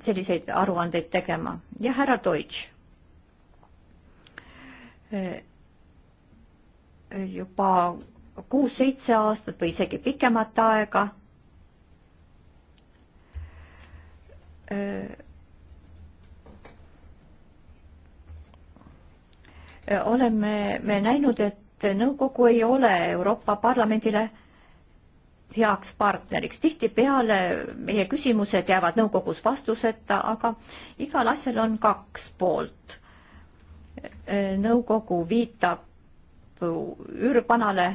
selliseid aruandeid tegema. ja härra Deutsch eh, juba kuus-seitse aastat või isegi pikemat aega. Eh, oleme me näinud, et nõukogu ei ole Euroopa Parlamendile heaks partneriks. tihtipeale meie küsimused jäävad nõukogus vastuseta, aga igal asjal on kaks poolt. E, nõukogu viitab ürbanale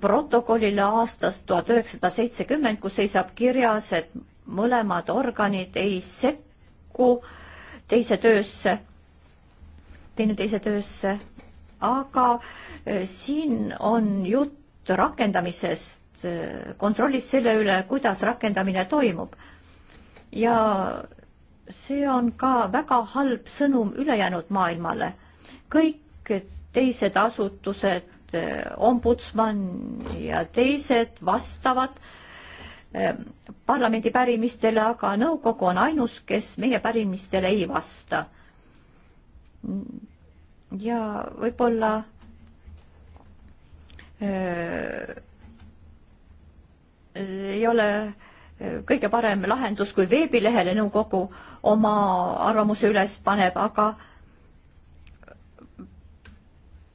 protokollile aastast tuhat üheksasada seitsekümmend, kus seisab kirjas, et mõlemad organid ei sekku teise töösse, teineteise töösse, aga e, siin on jutt rakendamisest Eh, kontrollis selle üle, kuidas rakendamine toimub. ja see on ka väga halb sõnum ülejäänud maailmale. kõik teised asutused, eh, ombudsman ja teised vastavad eh, parlamendi pärimistele, aga nõukogu on ainus, kes meie pärimistele ei vasta. ja võib-olla ei ole eh, kõige parem lahendus, kui veebilehele nõukogu oma arvamuse üles paneb, aga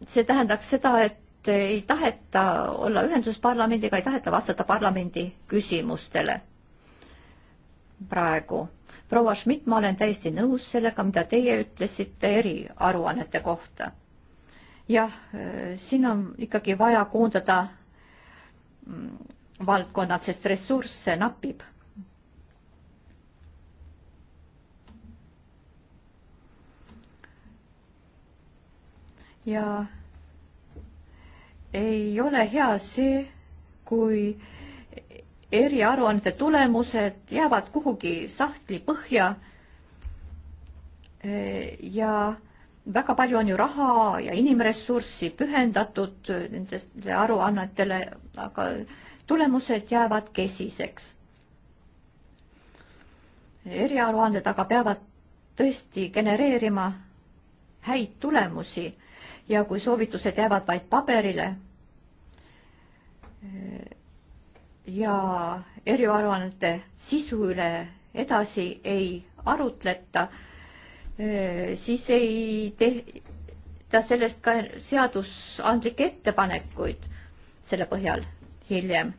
see tähendaks seda, et ei taheta olla ühenduses parlamendiga, ei taheta vastata parlamendi küsimustele praegu. proua Schmidt, ma olen täiesti nõus sellega, mida teie ütlesite eriaruannete kohta. jah, eh, siin on ikkagi vaja koondada mm, valdkonnad, sest ressursse napib. ja ei ole hea see, kui eriaruannete tulemused jäävad kuhugi sahtli põhja. ja väga palju on ju raha ja inimressurssi pühendatud nendele aruannetele, aga tulemused jäävad kesiseks. eriaruanded aga peavad tõesti genereerima häid tulemusi ja kui soovitused jäävad vaid paberile ja eriaruannete sisu üle edasi ei arutleta, siis ei tehta sellest ka seadusandlikke ettepanekuid selle põhjal hiljem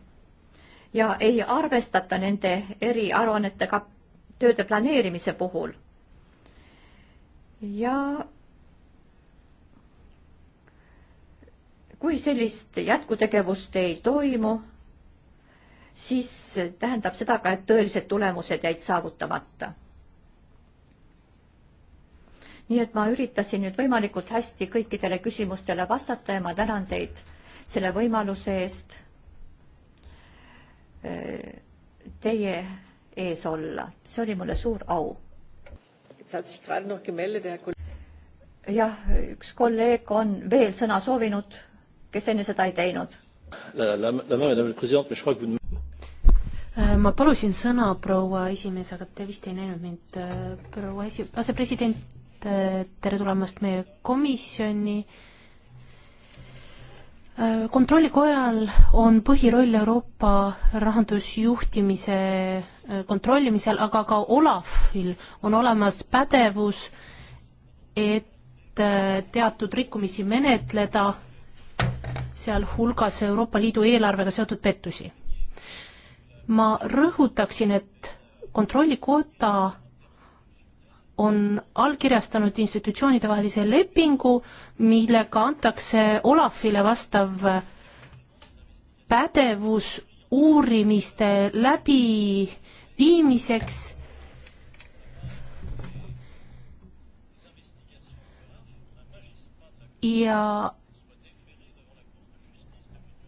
ja ei arvestata nende eriaruannetega tööde planeerimise puhul. ja kui sellist jätkutegevust ei toimu, siis tähendab seda ka, et tõelised tulemused jäid saavutamata. nii et ma üritasin nüüd võimalikult hästi kõikidele küsimustele vastata ja ma tänan teid selle võimaluse eest Äh, teie ees olla, see oli mulle suur au. jah, üks kolleeg on veel sõna soovinud, kes enne seda ei teinud. Äh, ma palusin sõna, proua esimees, aga te vist
ei näinud mind. Äh, proua esi-, asepresident, tere tulemast meie komisjoni äh, kontrollikojal on põhiroll Euroopa rahandusjuhtimise äh, kontrollimisel, aga ka Olafil on olemas pädevus, et äh, teatud rikkumisi menetleda, sealhulgas Euroopa Liidu eelarvega seotud pettusi. ma rõhutaksin, et kontrollikoda on allkirjastanud institutsioonidevahelise lepingu, millega antakse Olafile vastav pädevus uurimiste läbiviimiseks ja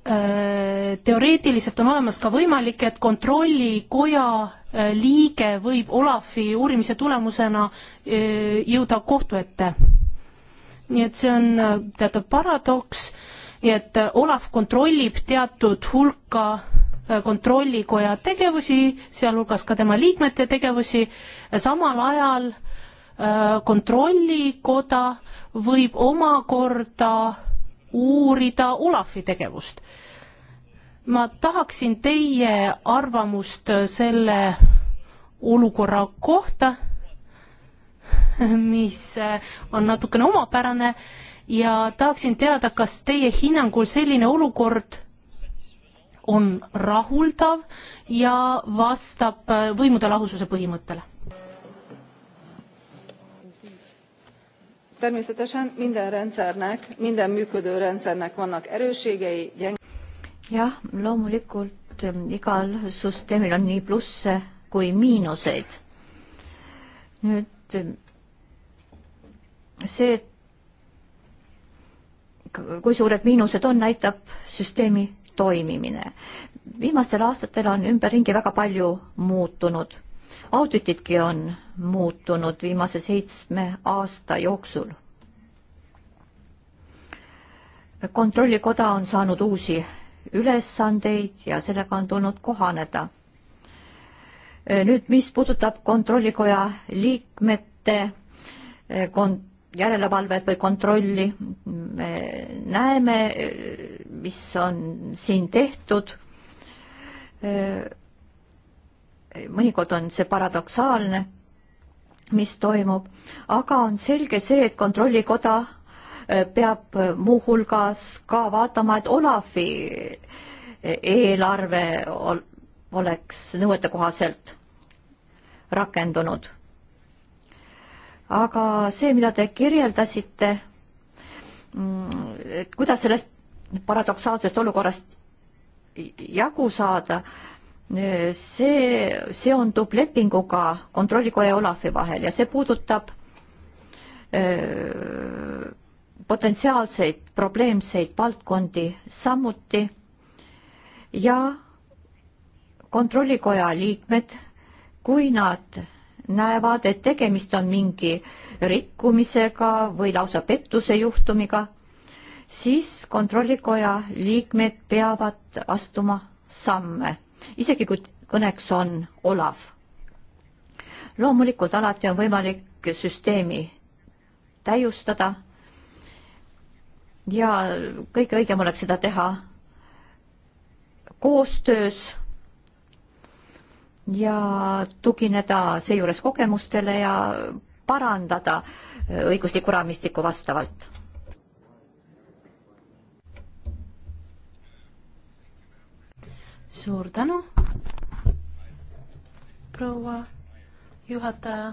Äh, teoreetiliselt on olemas ka võimalik, et kontrollikoja äh, liige võib Olafi uurimise tulemusena äh, jõuda kohtu ette. nii et see on teatav paradoks, nii et Olav kontrollib teatud hulka kontrollikoja tegevusi, sealhulgas ka tema liikmete tegevusi, samal ajal kontrollikoda võib omakorda uurida Olafi tegevust ma tahaksin teie arvamust selle olukorra kohta, mis on natukene omapärane ja tahaksin teada, kas teie hinnangul selline olukord on rahuldav ja vastab võimude lahususe põhimõttele?
természetesen minden rendszernek minden működő rendszernek vannak erősségei gyenge
jah, loomulikult igal süsteemil on nii plusse kui miinuseid. nüüd see, kui suured miinused on, näitab süsteemi toimimine. viimastel aastatel on ümberringi väga palju muutunud. auditidki on muutunud viimase seitsme aasta jooksul. kontrollikoda on saanud uusi ülesandeid ja sellega on tulnud kohaneda. Äh, nüüd, mis puudutab kontrollikoja liikmete äh, kont-, järelevalvet või kontrolli, me näeme, äh, mis on siin tehtud. mõnikord on see paradoksaalne, mis toimub, aga on selge see, et kontrollikoda peab muuhulgas ka vaatama, et Olavi eelarve oleks nõuetekohaselt rakendunud. aga see, mida te kirjeldasite, mm, et kuidas sellest paradoksaalsest olukorrast jagu saada, see seondub lepinguga kontrollikoja Olafi vahel ja see puudutab öö, potentsiaalseid probleemseid valdkondi samuti ja kontrollikoja liikmed, kui nad näevad, et tegemist on mingi rikkumisega või lausa pettuse juhtumiga, siis kontrollikoja liikmed peavad astuma samme, isegi kui kõneks on olav. loomulikult alati on võimalik süsteemi täiustada ja kõige õigem oleks seda teha koostöös ja tugineda seejuures kogemustele ja parandada õiguslikku raamistikku vastavalt.
suur tänu, proua juhataja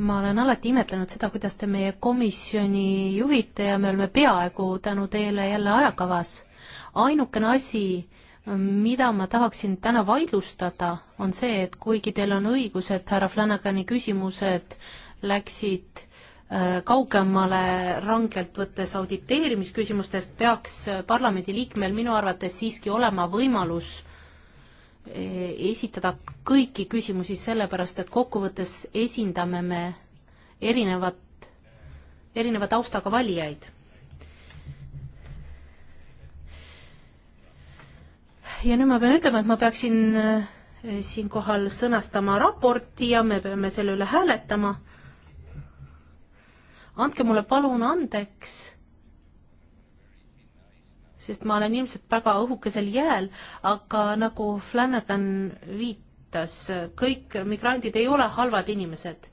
ma olen alati imetlenud seda, kuidas te meie komisjoni juhite ja me oleme peaaegu tänu teile jälle ajakavas. ainukene asi, mida ma tahaksin täna vaidlustada, on see, et kuigi teil on õigus, et härra Flanagani küsimused läksid äh, kaugemale rangelt võttes auditeerimisküsimustest, peaks äh, parlamendiliikmel minu arvates siiski olema võimalus Eh, esitada kõiki küsimusi, sellepärast et kokkuvõttes esindame me erinevat, erineva taustaga valijaid. ja nüüd ma pean ütlema, et ma peaksin eh, siinkohal sõnastama raporti ja me peame selle üle hääletama. andke mulle palun andeks sest ma olen ilmselt väga õhukesel jääl, aga nagu Flanagan viitas, kõik migrandid ei ole halvad inimesed.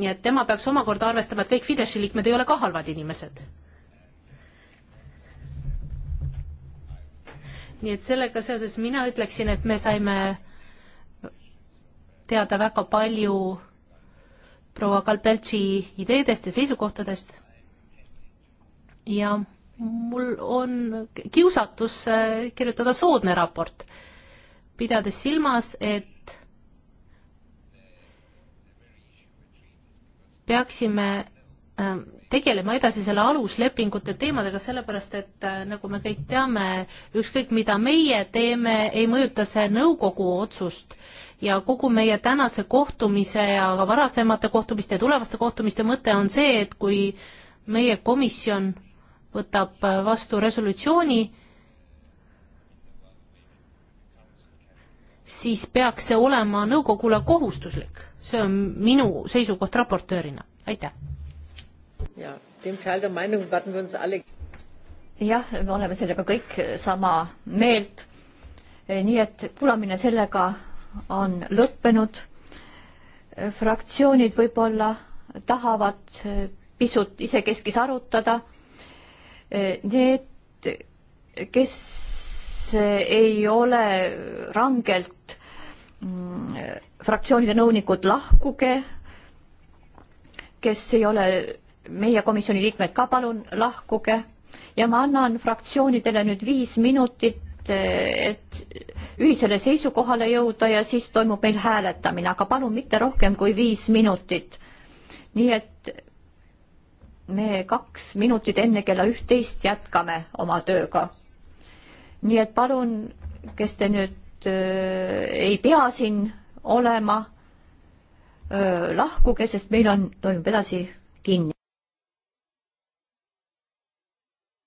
nii et tema peaks omakorda arvestama, et kõik Fideszi liikmed ei ole ka halvad inimesed. nii et sellega seoses mina ütleksin, et me saime teada väga palju proua Kalbeltsi ideedest ja seisukohtadest ja mul on kiusatus äh, kirjutada soodne raport, pidades silmas, et peaksime ähm, tegelema edasi selle aluslepingute teemadega, sellepärast et äh, nagu me kõik teame, ükskõik mida meie teeme, ei mõjuta see nõukogu otsust ja kogu meie tänase kohtumise ja ka varasemate kohtumiste ja tulevaste kohtumiste mõte on see, et kui meie komisjon võtab äh, vastu resolutsiooni, siis peaks see olema nõukogule kohustuslik. see on minu seisukoht raportöörina, aitäh.
jah, me oleme sellega kõik sama meelt. Eh, nii et kuulamine sellega on lõppenud. Eh, fraktsioonid võib-olla tahavad eh, pisut isekeskis arutada Need, kes ei ole rangelt mm, fraktsioonide nõunikud, lahkuge, kes ei ole meie komisjoni liikmed ka, palun lahkuge ja ma annan fraktsioonidele nüüd viis minutit, et ühisele seisukohale jõuda ja siis toimub meil hääletamine, aga palun mitte rohkem kui viis minutit. nii et me kaks minutit enne kella üht-teist jätkame oma tööga. nii et palun, kes te nüüd öö, äh, ei pea siin olema, äh, lahkuge, sest meil on, toimub edasi kinni.